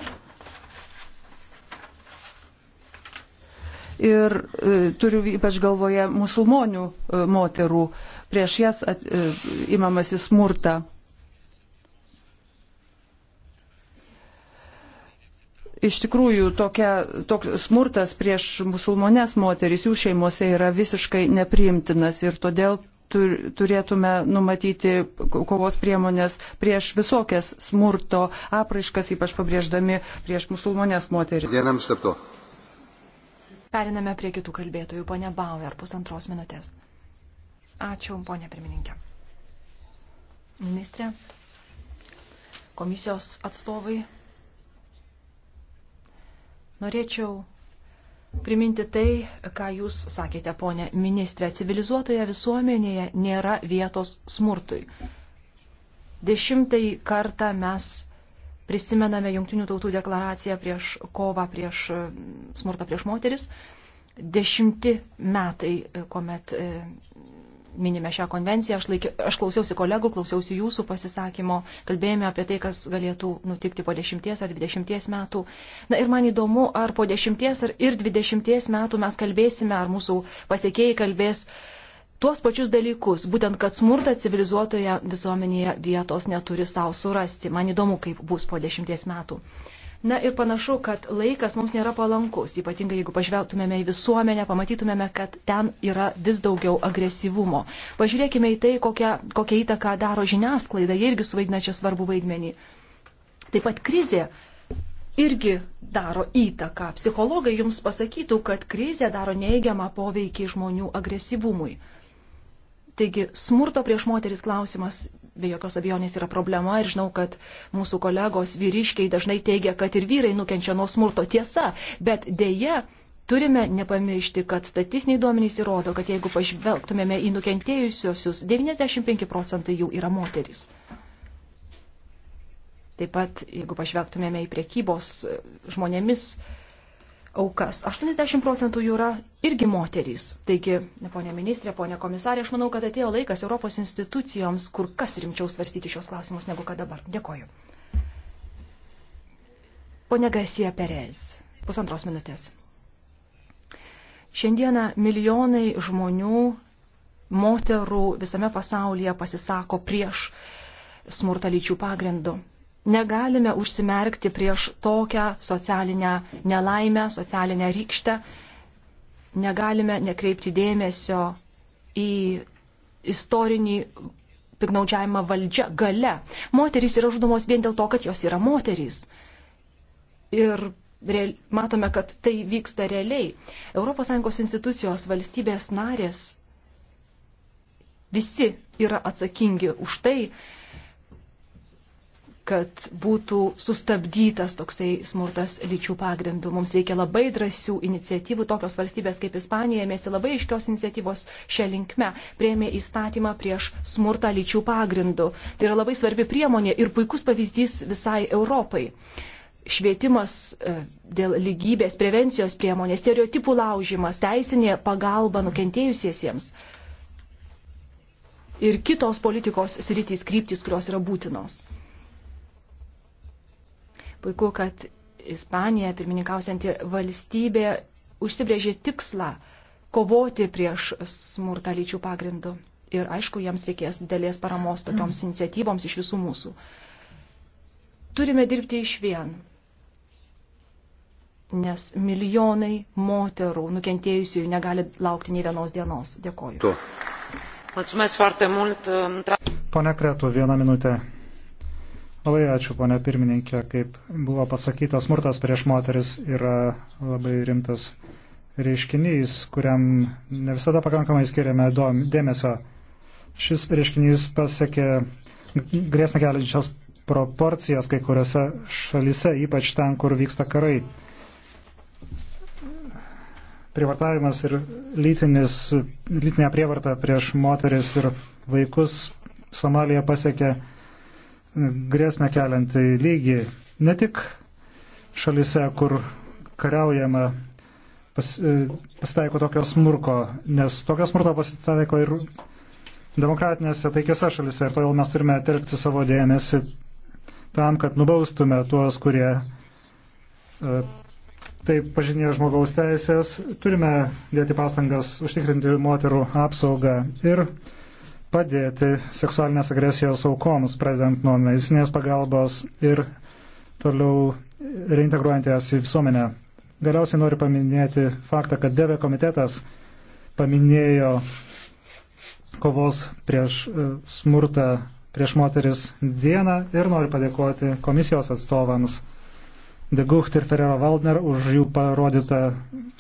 Ir e, turiu ypač galvoje musulmonių e, moterų, prieš jas at, e, imamasi smurtą iš tikrųjų tokia, toks smurtas prieš musulmonės moteris jų šeimose yra visiškai nepriimtinas ir todėl tur, turėtume numatyti kovos priemonės prieš visokias smurto apraiškas, ypač pabrėždami prieš musulmonės moteris. Dienam stepto. Periname prie kitų kalbėtojų. Pone Bauer, pusantros minutės. Ačiū, ponė pirmininkė. Ministrė, komisijos atstovai, Norėčiau priminti tai, ką jūs sakėte, ponė ministrė. Civilizuotoje visuomenėje nėra vietos smurtui. Dešimtai kartą mes prisimename Junktinių tautų deklaraciją prieš kovą prieš e, smurtą prieš moteris. Dešimti metai, e, kuomet e, minime šią konvenciją. Aš, laikė, aš klausiausi kolegų, klausiausi jūsų pasisakymo, kalbėjome apie tai, kas galėtų nutikti po 10 ar 20 metų. Na ir man įdomu, ar po 10 ar ir 20 metų mes kalbėsime, ar mūsų pasiekėjai kalbės tuos pačius dalykus, būtent kad smurtą civilizuotoje visuomenėje vietos neturi savo surasti. Man įdomu, kaip bus po 10 metų. Na ir panašu, kad laikas mums nėra palankus, ypatingai jeigu pažvelgtumėme į visuomenę, pamatytumėme, kad ten yra vis daugiau agresyvumo. Pažiūrėkime į tai, kokią, kokią įtaką daro žiniasklaida, jie irgi suvaidina čia svarbu vaidmenį. Taip pat krizė irgi daro įtaką. Psichologai jums pasakytų, kad krizė daro neigiamą poveikį žmonių agresyvumui. Taigi smurto prieš moteris klausimas be jokios abejonės yra problema ir žinau, kad mūsų kolegos vyriškiai dažnai teigia, kad ir vyrai nukenčia nuo smurto tiesa, bet dėje turime nepamiršti, kad statistiniai duomenys įrodo, kad jeigu pažvelgtumėme į nukentėjusiosius, 95 procentai jų yra moteris. Taip pat, jeigu pažvelgtumėme į priekybos žmonėmis, aukas. 80 procentų jų yra irgi moterys. Taigi, ponė ministrė, ponė komisarė, aš manau, kad atėjo laikas Europos institucijoms kur kas rimčiau svarstyti šios klausimus negu kad dabar. Dėkoju. Pone Garcia Perez, pusantros minutės. Šiandieną milijonai žmonių, moterų visame pasaulyje pasisako prieš smurtą lyčių pagrindu negalime užsimerkti prieš tokią socialinę nelaimę, socialinę rykštę, negalime nekreipti dėmesio į istorinį piknaudžiavimą valdžia, gale. Moterys yra žudomos vien dėl to, kad jos yra moterys. Ir real, matome, kad tai vyksta realiai. ES institucijos valstybės narės visi yra atsakingi už tai, kad būtų sustabdytas toksai smurtas lyčių pagrindų. Mums reikia labai drąsių iniciatyvų, tokios valstybės kaip Ispanija ėmėsi labai iškios iniciatyvos šią linkmę, prieėmė įstatymą prieš smurtą lyčių pagrindų. Tai yra labai svarbi priemonė ir puikus pavyzdys visai Europai. Švietimas e, dėl lygybės, prevencijos priemonės, stereotipų laužimas, teisinė pagalba nukentėjusiesiems ir kitos politikos sritys kryptis, kurios yra būtinos. Puiku, kad Ispanija, pirmininkausianti valstybė, užsibrėžė tikslą kovoti prieš smurtą lyčių pagrindų. Ir aišku, jiems reikės dėlės paramos tokioms mm. iniciatyvoms iš visų mūsų. Turime dirbti iš vien, nes milijonai moterų nukentėjusių negali laukti nei vienos dienos. Dėkoju. Tu. Pone Kretu, vieną minutę. Labai ačiū, ponė pirmininkė. Kaip buvo pasakyta, smurtas prieš moteris yra labai rimtas reiškinys, kuriam ne visada pakankamai skiriame dėmesio. Šis reiškinys pasiekė grėsmę keliančias proporcijas kai kuriuose šalyse, ypač ten, kur vyksta karai. Privartavimas ir lytinis, lytinė prievarta prieš moteris ir vaikus Somalija pasiekė grėsmę keliantį lygį ne tik šalise, kur kariaujama pas, e, pasitaiko tokio smurko, nes tokio smurto pasitaiko ir demokratinėse taikiose šalise ir todėl mes turime telkti savo dėmesį tam, kad nubaustume tuos, kurie e, taip pažinė žmogaus teisės. Turime dėti pastangas užtikrinti moterų apsaugą ir padėti seksualinės agresijos aukoms, pradedant nuo medicinės pagalbos ir toliau reintegruojant jas į visuomenę. Galiausiai noriu paminėti faktą, kad Deve komitetas paminėjo kovos prieš e, smurtą prieš moteris dieną ir noriu padėkoti komisijos atstovams Degucht ir Ferrero Waldner už jų parodytą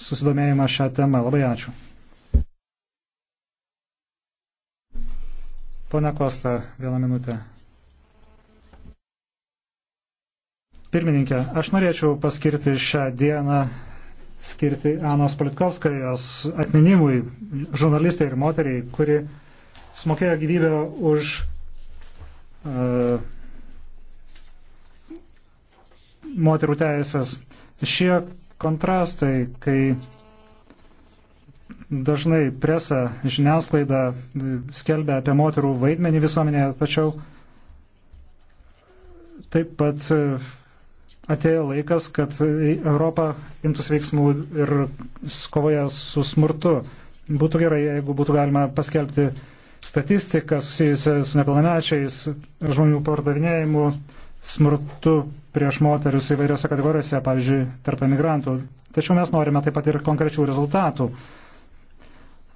susidomėjimą šią temą. Labai ačiū. Pone Kosta, vieną minutę. Pirmininkė, aš norėčiau paskirti šią dieną, skirti Anos Politkovskajos atminimui, žurnalistai ir moteriai, kuri smokėjo gyvybę už uh, moterų teisės. Šie kontrastai, kai Dažnai presa, žiniasklaida e, skelbia apie moterų vaidmenį visuomenėje, tačiau taip pat e, atėjo laikas, kad Europa imtųsi veiksmų ir kovoja su smurtu. Būtų gerai, jeigu būtų galima paskelbti statistiką susijusią su nepilnamečiais, žmonių pardavinėjimu, smurtu prieš moterius įvairiose kategorijose, pavyzdžiui, tarp emigrantų. Tačiau mes norime taip pat ir konkrečių rezultatų.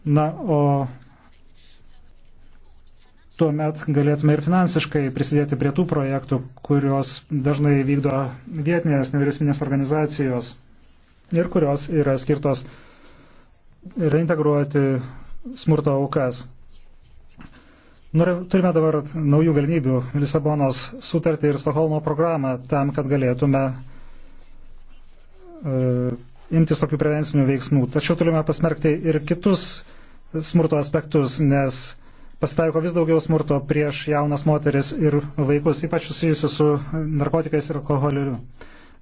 Na, o tuomet galėtume ir finansiškai prisidėti prie tų projektų, kuriuos dažnai vykdo vietinės nevyriausybinės organizacijos ir kurios yra skirtos reintegruoti smurto aukas. Turime dabar naujų galimybių Lisabonos sutartį ir Stokholmo programą tam, kad galėtume e, imtis tokių prevencinių veiksmų. Tačiau turime pasmerkti ir kitus smurto aspektus, nes pasitaiko vis daugiau smurto prieš jaunas moteris ir vaikus, ypač susijusiu su narkotikais ir alkoholiu.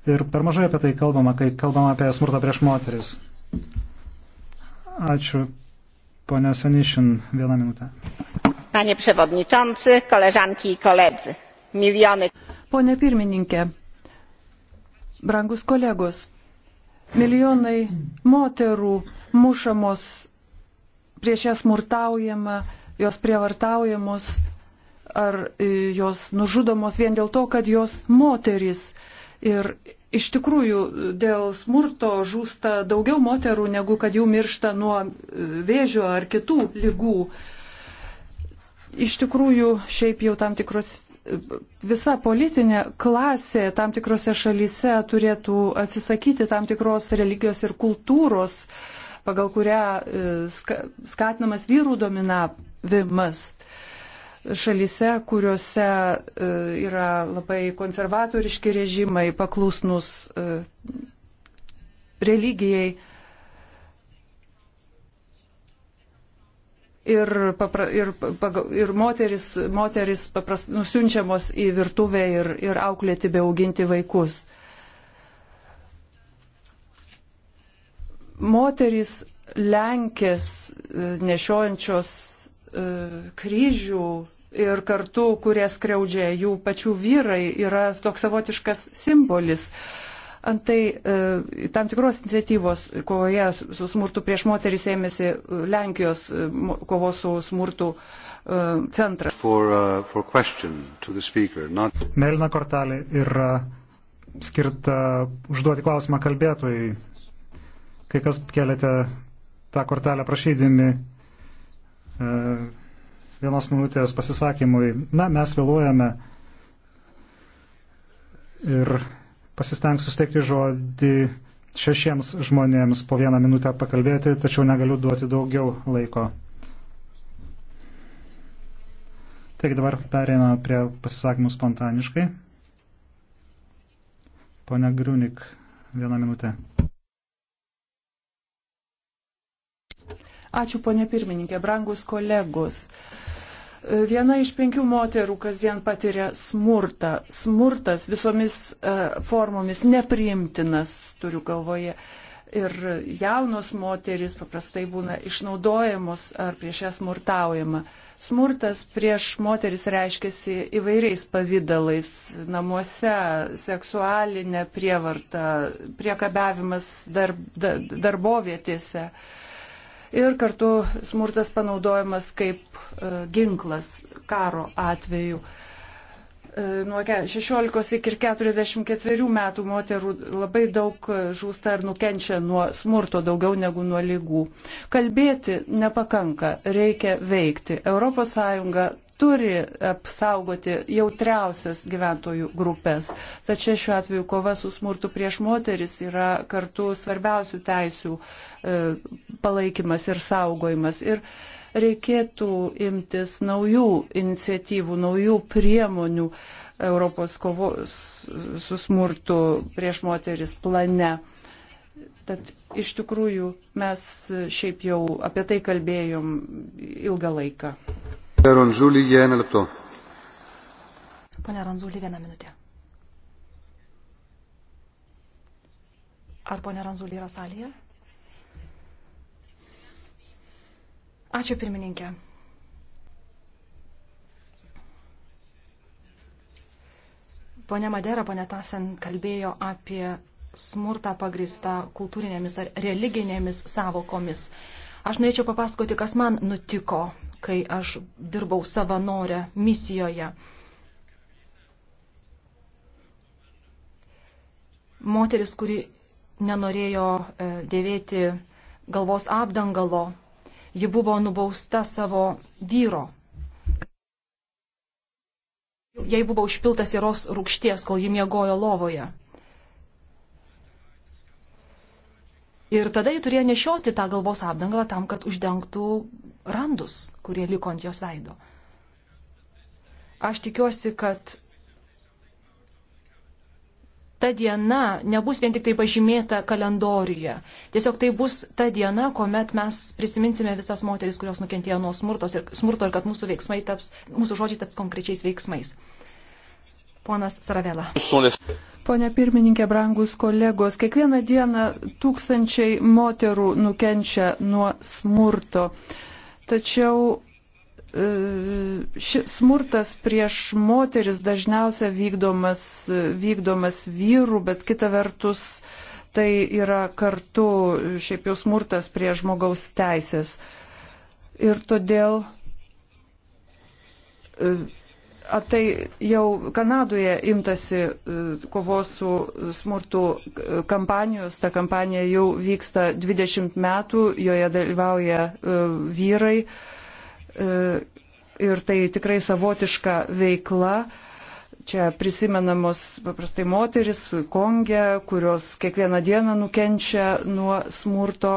Ir per mažai apie tai kalbama, kai kalbama apie smurtą prieš moteris. Ačiū. Pone Sanišin, vieną minutę. Panie przewodniczący, koleżanki i koledzy, miliony. Pone pirmininkė, brangus kolegos, Milijonai moterų mušamos, prieš jas smurtaujama, jos prievartaujamos ar e, jos nužudomos vien dėl to, kad jos moterys. Ir iš tikrųjų dėl smurto žūsta daugiau moterų, negu kad jų miršta nuo e, vėžio ar kitų lygų. Iš tikrųjų, šiaip jau tam tikros visa politinė klasė tam tikrose šalyse turėtų atsisakyti tam tikros religijos ir kultūros, pagal kurią e, skatinamas vyrų dominavimas šalyse, kuriuose e, yra labai konservatoriški režimai, paklusnus e, religijai ir, papra, ir, pagal, ir moteris, moteris papras, nusiunčiamos į virtuvę ir, ir auklėti beauginti vaikus. Moterys Lenkės e, nešiojančios e, kryžių ir kartu, kurie skriaudžia jų pačių vyrai, yra toks savotiškas simbolis. Uh, Antai e, tam tikros iniciatyvos kovoje su smurtu prieš moteris ėmėsi e, Lenkijos e, kovos su smurtu centras. For, uh, for speaker, not... Melina kortelė yra skirta užduoti klausimą kalbėtojai. Kai kas keliate tą kortelę prašydami uh, vienos minutės pasisakymui. Na, mes vėluojame ir pasistengsiu steikti žodį šešiems žmonėms po vieną minutę pakalbėti, tačiau negaliu duoti daugiau laiko. Taigi dabar perėjame prie pasisakymų spontaniškai. Pone Griunik, vieną minutę. Ačiū, ponė pirmininkė, brangus kolegos. Uh, Viena iš penkių moterų kasdien patiria smurtą. Smurtas visomis e, formomis nepriimtinas, turiu galvoje. Ir jaunos moteris paprastai būna išnaudojamos ar prieš ją smurtaujama. Smurtas prieš moteris reiškiasi įvairiais pavydalais - namuose, seksualinė prievarta, priekabiavimas darb, darbovietėse. Darb, ir kartu smurtas panaudojamas kaip e, ginklas karo atveju. E, nuo 16 iki 44 metų moterų labai daug e, žūsta ir nukenčia nuo smurto daugiau negu nuo lygų. Kalbėti nepakanka, reikia veikti. ES turi apsaugoti jautriausias gyventojų grupės. Tačiau šiuo atveju kova su smurtu prieš moteris yra kartu svarbiausių teisių e, palaikymas ir saugojimas. Ir reikėtų imtis naujų iniciatyvų, naujų priemonių Europos kovos su smurtu prieš moteris plane. Tad iš tikrųjų mes šiaip jau apie tai kalbėjom ilgą laiką. Ronzulį, vieną minutę. Pone Ronzulį, vieną minutę. Ar ponia Ranzulį yra salėje? Ačiū pirmininkė. Pone Madera, pone Tasen kalbėjo apie smurtą pagristą kultūrinėmis ar religinėmis savokomis. Aš norėčiau papasakoti, kas man nutiko kai aš dirbau savanorę misijoje. Moteris, kuri nenorėjo e, dėvėti galvos apdangalo, ji buvo nubausta savo vyro. Jai buvo užpiltas įros rūkšties, kol ji miegojo lovoje. Ir tada jį turėjo nešioti tą galvos apdangalą tam, kad uždengtų randus, kurie liko ant jos veido. Aš tikiuosi, kad ta diena nebus vien tik tai pažymėta kalendoriuje. Tiesiog tai bus ta diena, kuomet mes prisiminsime visas moteris, kurios nukentėjo nuo ir, smurto ir kad mūsų, taps, mūsų žodžiai taps konkrečiais veiksmais. Ponas Saravela. Pone pirmininkė, brangus kolegos, kiekvieną dieną tūkstančiai moterų nukenčia nuo smurto. Uh, Tačiau e, šis smurtas prieš moteris dažniausia vykdomas, vykdomas vyrų, bet kita vertus tai yra kartu šiaip jau smurtas prieš žmogaus teisės. Ir todėl e, tai jau Kanadoje imtasi e, kovos su smurtu e, kampanijos, ta kampanija jau vyksta 20 metų, joje dalyvauja e, vyrai ir tai tikrai savotiška veikla čia prisimenamos paprastai moteris Konge, kurios kiekvieną dieną nukenčia nuo smurto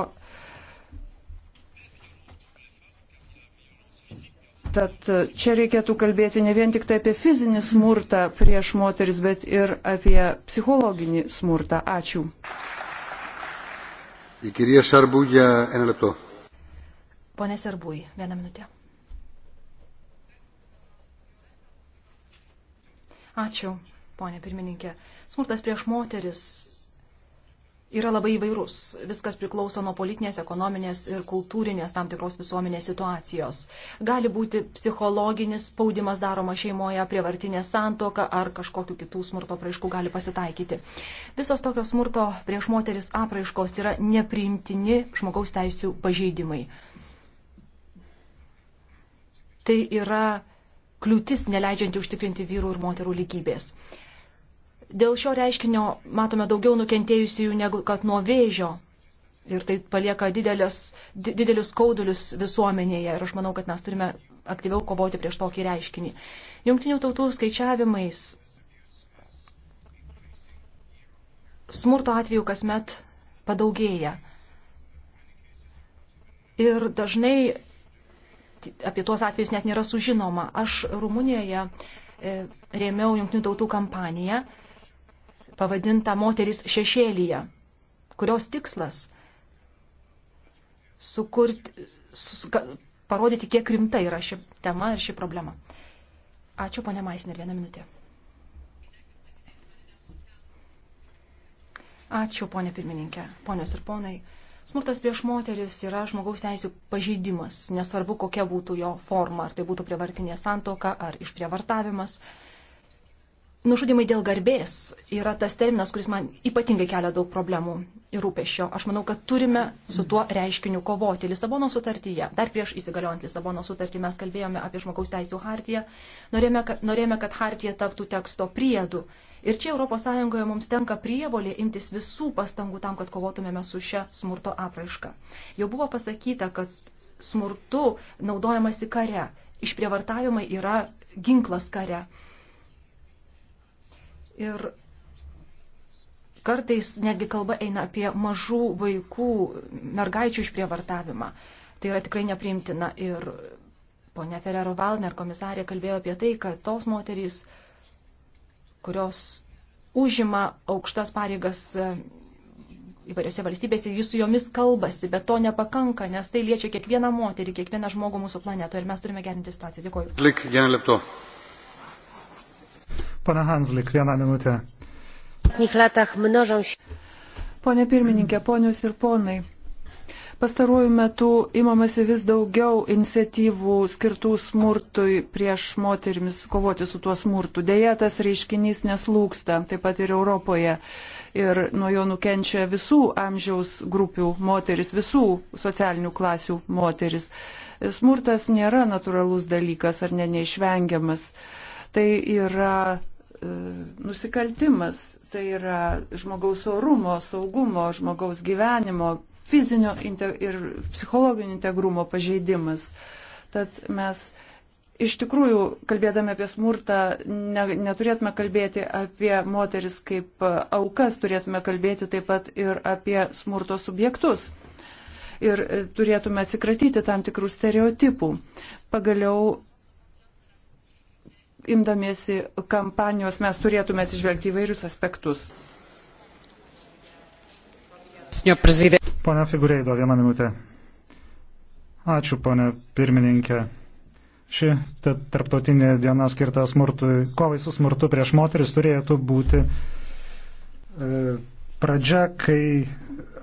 Tad čia reikėtų kalbėti ne vien tik tai apie fizinį smurtą prieš moteris, bet ir apie psichologinį smurtą. Ačiū. Pone Sarbui, vieną minutę. Ačiū, ponė pirmininkė. Smurtas prieš moteris yra labai įvairus. Viskas priklauso nuo politinės, ekonominės ir kultūrinės tam tikros visuomenės situacijos. Gali būti psichologinis spaudimas daroma šeimoje, prievartinė santoka ar kažkokiu kitų smurto praaiškų gali pasitaikyti. Visos tokios smurto prieš moteris apraiškos yra nepriimtini žmogaus teisų pažeidimai. Tai yra kliūtis neleidžianti užtikrinti vyrų ir moterų lygybės. Dėl šio reiškinio matome daugiau nukentėjusių negu kad nuo vėžio. Ir tai palieka didelės, didelius skaudulius visuomenėje. Ir aš manau, kad mes turime aktyviau kovoti prieš tokį reiškinį. Jungtinių tautų skaičiavimais smurto atveju kasmet padaugėja. Ir dažnai apie tuos atvejus net nėra sužinoma. Aš Rumunijoje e, rėmiau Junktinių tautų kampaniją pavadinta Moteris šešėlyje, kurios tikslas sukurti, sus, parodyti, kiek rimta yra ši tema ir ši problema. Ačiū, ponia Maisner, vieną minutę. Ačiū, ponė pirmininkė, ponios ir ponai. Smurtas prieš moteris yra žmogaus teisų pažeidimas, nesvarbu kokia būtų jo forma, ar tai būtų prievartinė santoka, ar išprievartavimas, Nužudimai dėl garbės yra tas terminas, kuris man ypatingai kelia daug problemų ir rūpešio. Aš manau, kad turime su tuo reiškiniu kovoti. Lisabono sutartyje, dar prieš įsigaliojant Lisabono sutartį, mes kalbėjome apie žmogaus teisų hartiją, norėjome, kad, norėjome, kad hartija taptų teksto priedu. Ir čia ES mums tenka prievolė imtis visų pastangų tam, kad kovotumėme su šia smurto apraiška. Jau buvo pasakyta, kad smurtu naudojamasi kare. Išprievartavimai yra ginklas kare. Ir kartais netgi kalba eina apie mažų vaikų, mergaičių išprievartavimą. Tai yra tikrai nepriimtina. Ir ponia Ferrero Valner komisarė kalbėjo apie tai, kad tos moterys, kurios užima aukštas pareigas e, įvairiose valstybėse, jis su jomis kalbasi, bet to nepakanka, nes tai liečia kiekvieną moterį, kiekvieną žmogų mūsų planetoje ir mes turime gerinti situaciją. Dėkuoju. Lik, Pana Hanslik, vieną minutę. Pone pirmininkė, ponios ir ponai. Pastaruoju metu imamasi vis daugiau iniciatyvų skirtų smurtui prieš moterimis kovoti su tuo smurtu. Deja, tas reiškinys neslūksta, taip pat ir Europoje. Ir nuo jo nukenčia visų amžiaus grupių moteris, visų socialinių klasių moteris. Smurtas nėra natūralus dalykas ar ne neišvengiamas. Tai yra E, nusikaltimas, tai yra žmogaus orumo, saugumo, žmogaus gyvenimo, fizinio ir psichologinio integrumo pažeidimas. Tad mes iš tikrųjų, kalbėdami apie smurtą, ne, neturėtume kalbėti apie moteris kaip aukas, turėtume kalbėti taip pat ir apie smurto subjektus. Ir e, turėtume atsikratyti tam tikrų stereotipų. Pagaliau imdamiesi kampanijos mes turėtume atsižvelgti įvairius aspektus. Pone Figureido, vieną minutę. Ačiū, pone pirmininkė. Ši tarptautinė diena skirta smurtui, kovai su smurtu prieš moteris turėtų būti e, pradžia, kai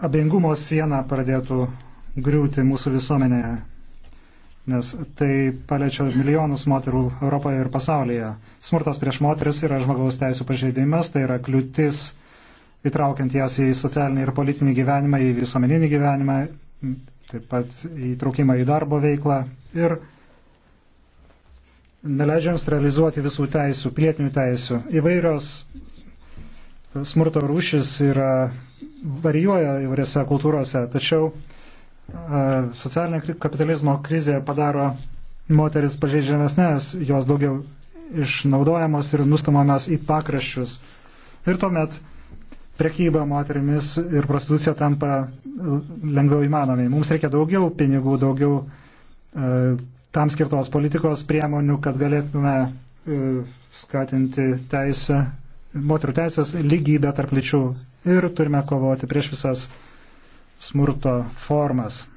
abejingumo siena pradėtų griūti mūsų visuomenėje nes tai paliečia milijonus moterų Europoje ir pasaulyje. Smurtas prieš moteris yra žmogaus teisų pažeidimas, tai yra kliūtis įtraukiant jas į socialinį ir politinį gyvenimą, į visuomeninį gyvenimą, taip pat įtraukimą į darbo veiklą ir neleidžiams realizuoti visų teisų, pilietinių teisų. Įvairios smurto rūšis yra varijuoja įvairiose kultūrose, tačiau socialinė kapitalizmo krizė padaro moteris pažeidžiamesnės, jos daugiau išnaudojamos ir nustumamos į pakraščius. Ir tuomet prekyba moterimis ir prostitucija tampa lengviau įmanomi. Mums reikia daugiau pinigų, daugiau e, tam skirtos politikos priemonių, kad galėtume e, skatinti teisę, moterų teisės lygybę tarp lyčių. Ir turime kovoti prieš visas smurto formas.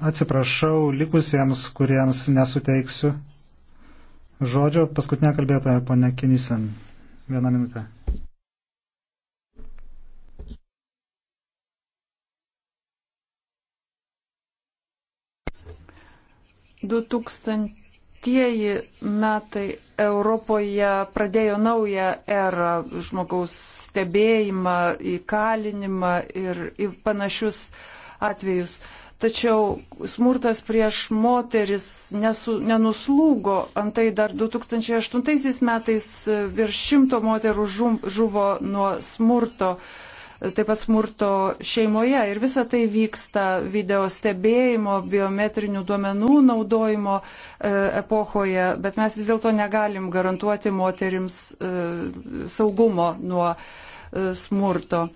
Atsiprašau likusiems, kuriems nesuteiksiu žodžio. Paskutinė kalbėtoja, ponia Kinisen. Vieną minutę. Du tūkstantį 2020 metai Europoje pradėjo naują erą žmogaus stebėjimą, įkalinimą ir, ir panašius atvejus. Tačiau smurtas prieš moteris nesu, nenuslūgo, antai dar 2008 metais virš šimto moterų žuvo nuo smurto. Uh, taip pat smurto šeimoje. Ir visa tai vyksta video stebėjimo, biometrinių duomenų naudojimo e, epochoje, bet mes vis dėlto negalim garantuoti moterims e, saugumo nuo e, smurto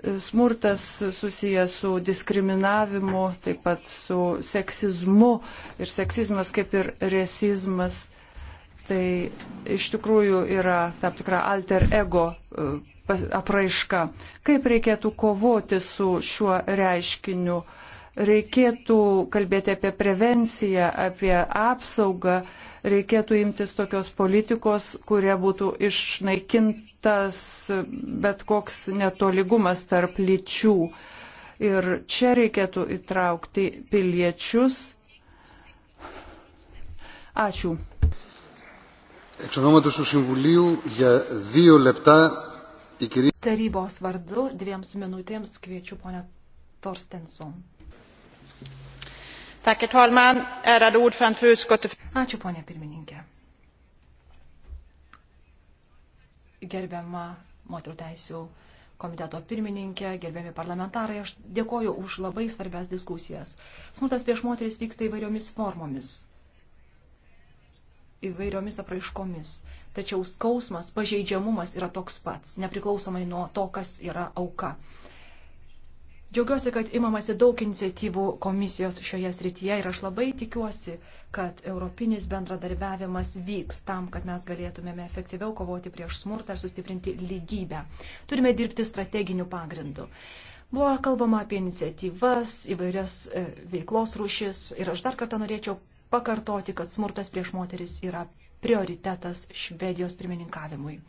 smurtas susijęs su diskriminavimu, taip pat su seksizmu ir seksizmas kaip ir resizmas. Tai iš tikrųjų yra tam tikra alter ego apraiška. Kaip reikėtų kovoti su šiuo reiškiniu? Reikėtų kalbėti apie prevenciją, apie apsaugą, reikėtų imtis tokios politikos, kurie būtų išnaikintas bet koks netoligumas tarp lyčių. Ir čia reikėtų įtraukti piliečius. Ačiū. Εξ ονόματος του Συμβουλίου για δύο λεπτά Tarybos vardu dviems minutėms kviečiu ponę Torstenson. Ačiū ponė pirmininkė. Gerbiama moterų teisų komiteto pirmininkė, gerbiami parlamentarai, aš dėkoju už labai svarbias diskusijas. Smurtas prieš moteris vyksta įvairiomis formomis, įvairiomis apraiškomis tačiau skausmas, pažeidžiamumas yra toks pats, nepriklausomai nuo to, kas yra auka. Džiaugiuosi, kad imamasi daug iniciatyvų komisijos šioje srityje ir aš labai tikiuosi, kad europinis bendradarbiavimas vyks tam, kad mes galėtumėme efektyviau kovoti prieš smurtą ir sustiprinti lygybę. Turime dirbti strateginių pagrindų. Buvo kalbama apie iniciatyvas, įvairias e, veiklos rūšis ir aš dar kartą norėčiau pakartoti, kad smurtas prieš moteris yra prioritetas Švedijos pirmininkavimui.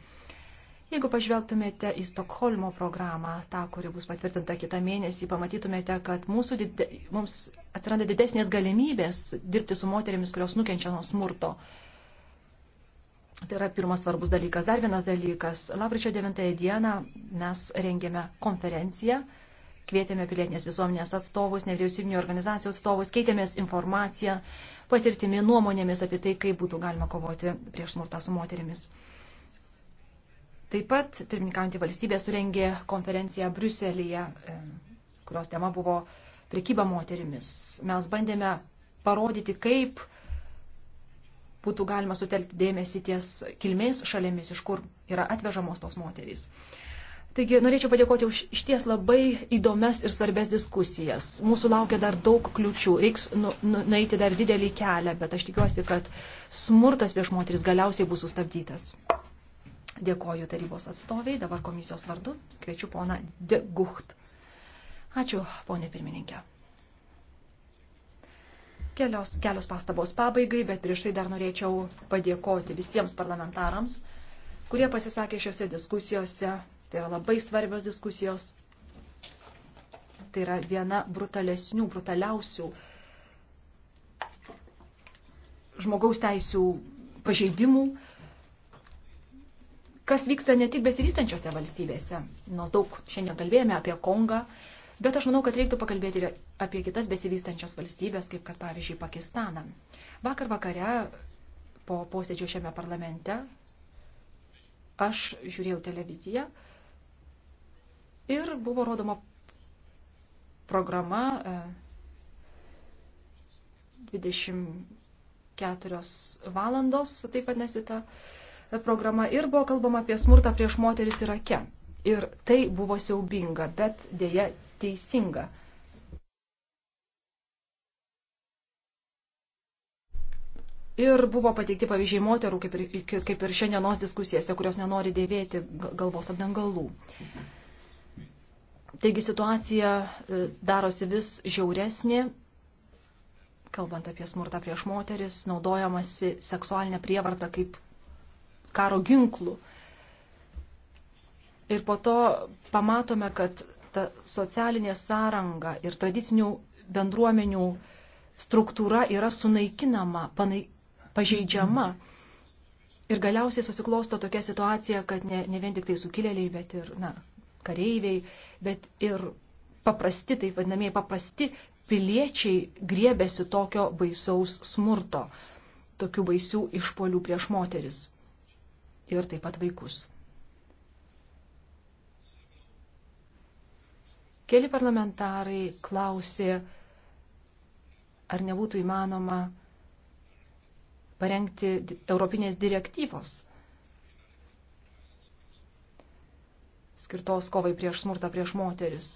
Jeigu pažvelgtumėte į Stokholmo programą, tą, kuri bus patvirtinta kitą mėnesį, pamatytumėte, kad dide, mums atsiranda didesnės galimybės dirbti su moterimis, kurios nukenčia nuo smurto. Tai yra pirmas svarbus dalykas. Dar vienas dalykas. Lapkričio 9 dieną mes rengėme konferenciją, kvietėme pilietinės visuomenės atstovus, nevyriausybinio organizacijų atstovus, keitėmės informaciją, patirtimi, nuomonėmis apie tai, kaip būtų galima kovoti prieš smurtą su moterimis. Taip pat pirmininkaujantį valstybę surengė konferenciją Bruselėje, e, kurios tema buvo prekyba moterimis. Mes bandėme parodyti, kaip būtų galima sutelkti dėmesį ties kilmės šalėmis, iš kur yra atvežamos tos moterys. Taigi norėčiau padėkoti už išties labai įdomias ir svarbės diskusijas. Mūsų laukia dar daug kliučių, reiks nu, nu, nueiti dar didelį kelią, bet aš tikiuosi, kad smurtas prieš moteris galiausiai bus sustabdytas. Dėkoju tarybos atstoviai, dabar komisijos vardu kviečiu poną De Gucht. Ačiū, ponė pirmininkė. Kelios, kelios pastabos pabaigai, bet prieš tai dar norėčiau padėkoti visiems parlamentarams, kurie pasisakė šiuose diskusijose Tai yra labai svarbios diskusijos. Tai yra viena brutalesnių, brutaliausių žmogaus teisų pažeidimų, kas vyksta ne tik besivystančiose valstybėse. Nors daug šiandien kalbėjome apie Kongą, bet aš manau, kad reiktų pakalbėti ir apie kitas besivystančias valstybės, kaip kad pavyzdžiui Pakistaną. Vakar vakare po posėdžio šiame parlamente aš žiūrėjau televiziją ir buvo rodoma programa 24 e, valandos, taip vadinasi ta e, programa, ir buvo kalbama apie smurtą prieš moteris Irake. Ir tai buvo siaubinga, bet dėja teisinga. Ir buvo pateikti pavyzdžiai moterų, kaip ir, kaip ir šiandienos diskusijose, kurios nenori dėvėti galvos apdangalų. Mhm. Taigi situacija e, darosi vis žiauresnė, kalbant apie smurtą prieš moteris, naudojamasi seksualinę prievartą kaip karo ginklų. Ir po to pamatome, kad ta socialinė sąranga ir tradicinių bendruomenių struktūra yra sunaikinama, panai, pažeidžiama. Ir galiausiai susiklosto tokia situacija, kad ne, ne vien tik tai sukilėliai, bet ir na, kareiviai, bet ir paprasti, taip vadinamieji paprasti piliečiai griebėsi tokio baisaus smurto, tokių baisių išpolių prieš moteris ir taip pat vaikus. Keli parlamentarai klausė, ar nebūtų įmanoma parengti Europinės direktyvos skirtos kovai prieš smurtą prieš moteris,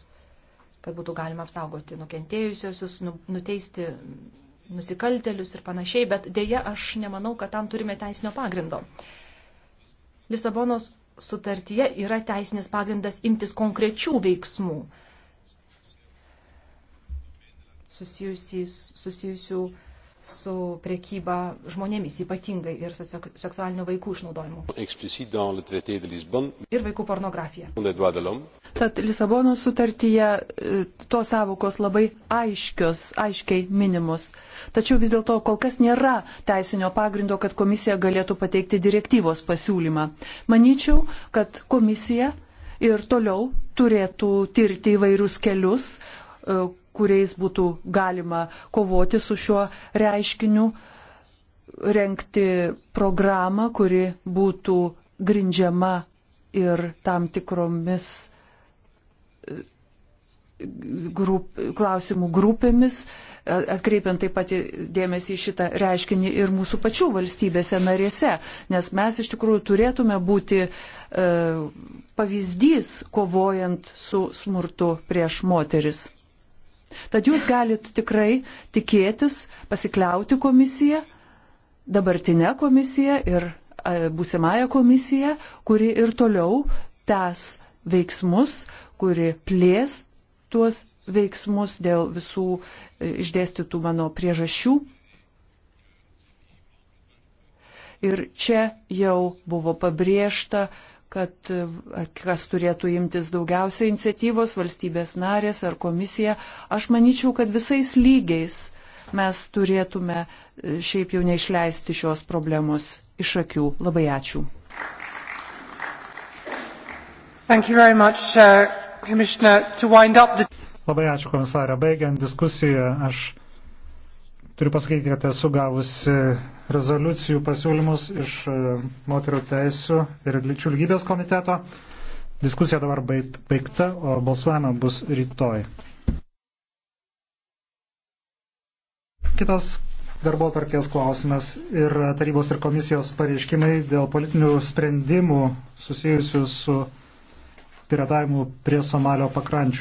kad būtų galima apsaugoti nukentėjusiosius, nu, nuteisti nusikaltelius ir panašiai, bet dėja aš nemanau, kad tam turime teisinio pagrindo. Lisabonos sutartyje yra teisinis pagrindas imtis konkrečių veiksmų susijusių su priekyba žmonėmis, ypatingai ir seksualiniu vaikų išnaudojimu. Ir vaikų pornografija. Tad Lisabonos sutartyje e, tos savokos labai aiškios, aiškiai minimus. Tačiau vis dėlto kol kas nėra teisinio pagrindo, kad komisija galėtų pateikti direktyvos pasiūlymą. Manyčiau, kad komisija ir toliau turėtų tirti įvairius kelius, e, kuriais būtų galima kovoti su šiuo reiškiniu, renkti programą, kuri būtų grindžiama ir tam tikromis e, grup, klausimų grupėmis, atkreipiant taip pat dėmesį į šitą reiškinį ir mūsų pačių valstybėse narėse, nes mes iš tikrųjų turėtume būti e, pavyzdys kovojant su smurtu prieš moteris. Tad jūs galit tikrai tikėtis, pasikliauti komisiją, dabartinę komisiją ir e, būsimąją komisiją, kuri ir toliau tęs veiksmus, kuri plės tuos veiksmus dėl visų e, išdėstytų mano priežasčių. Ir čia jau buvo pabrėžta, kad e, kas turėtų imtis daugiausia iniciatyvos, valstybės narės ar komisija. Aš manyčiau, kad visais lygiais mes turėtume e, šiaip jau neišleisti šios problemos iš akių. Labai ačiū. Much, uh, the... Labai ačiū, komisarė. Baigiant diskusiją, aš turiu pasakyti, kad esu gavusi rezoliucijų pasiūlymus iš e, moterų teisų ir lyčių lygybės komiteto. Diskusija dabar baigta, o balsuojama bus rytoj. Kitas darbo tarkės klausimas ir tarybos ir komisijos pareiškimai dėl politinių sprendimų susijusių su piratavimu prie Somalio pakrančių.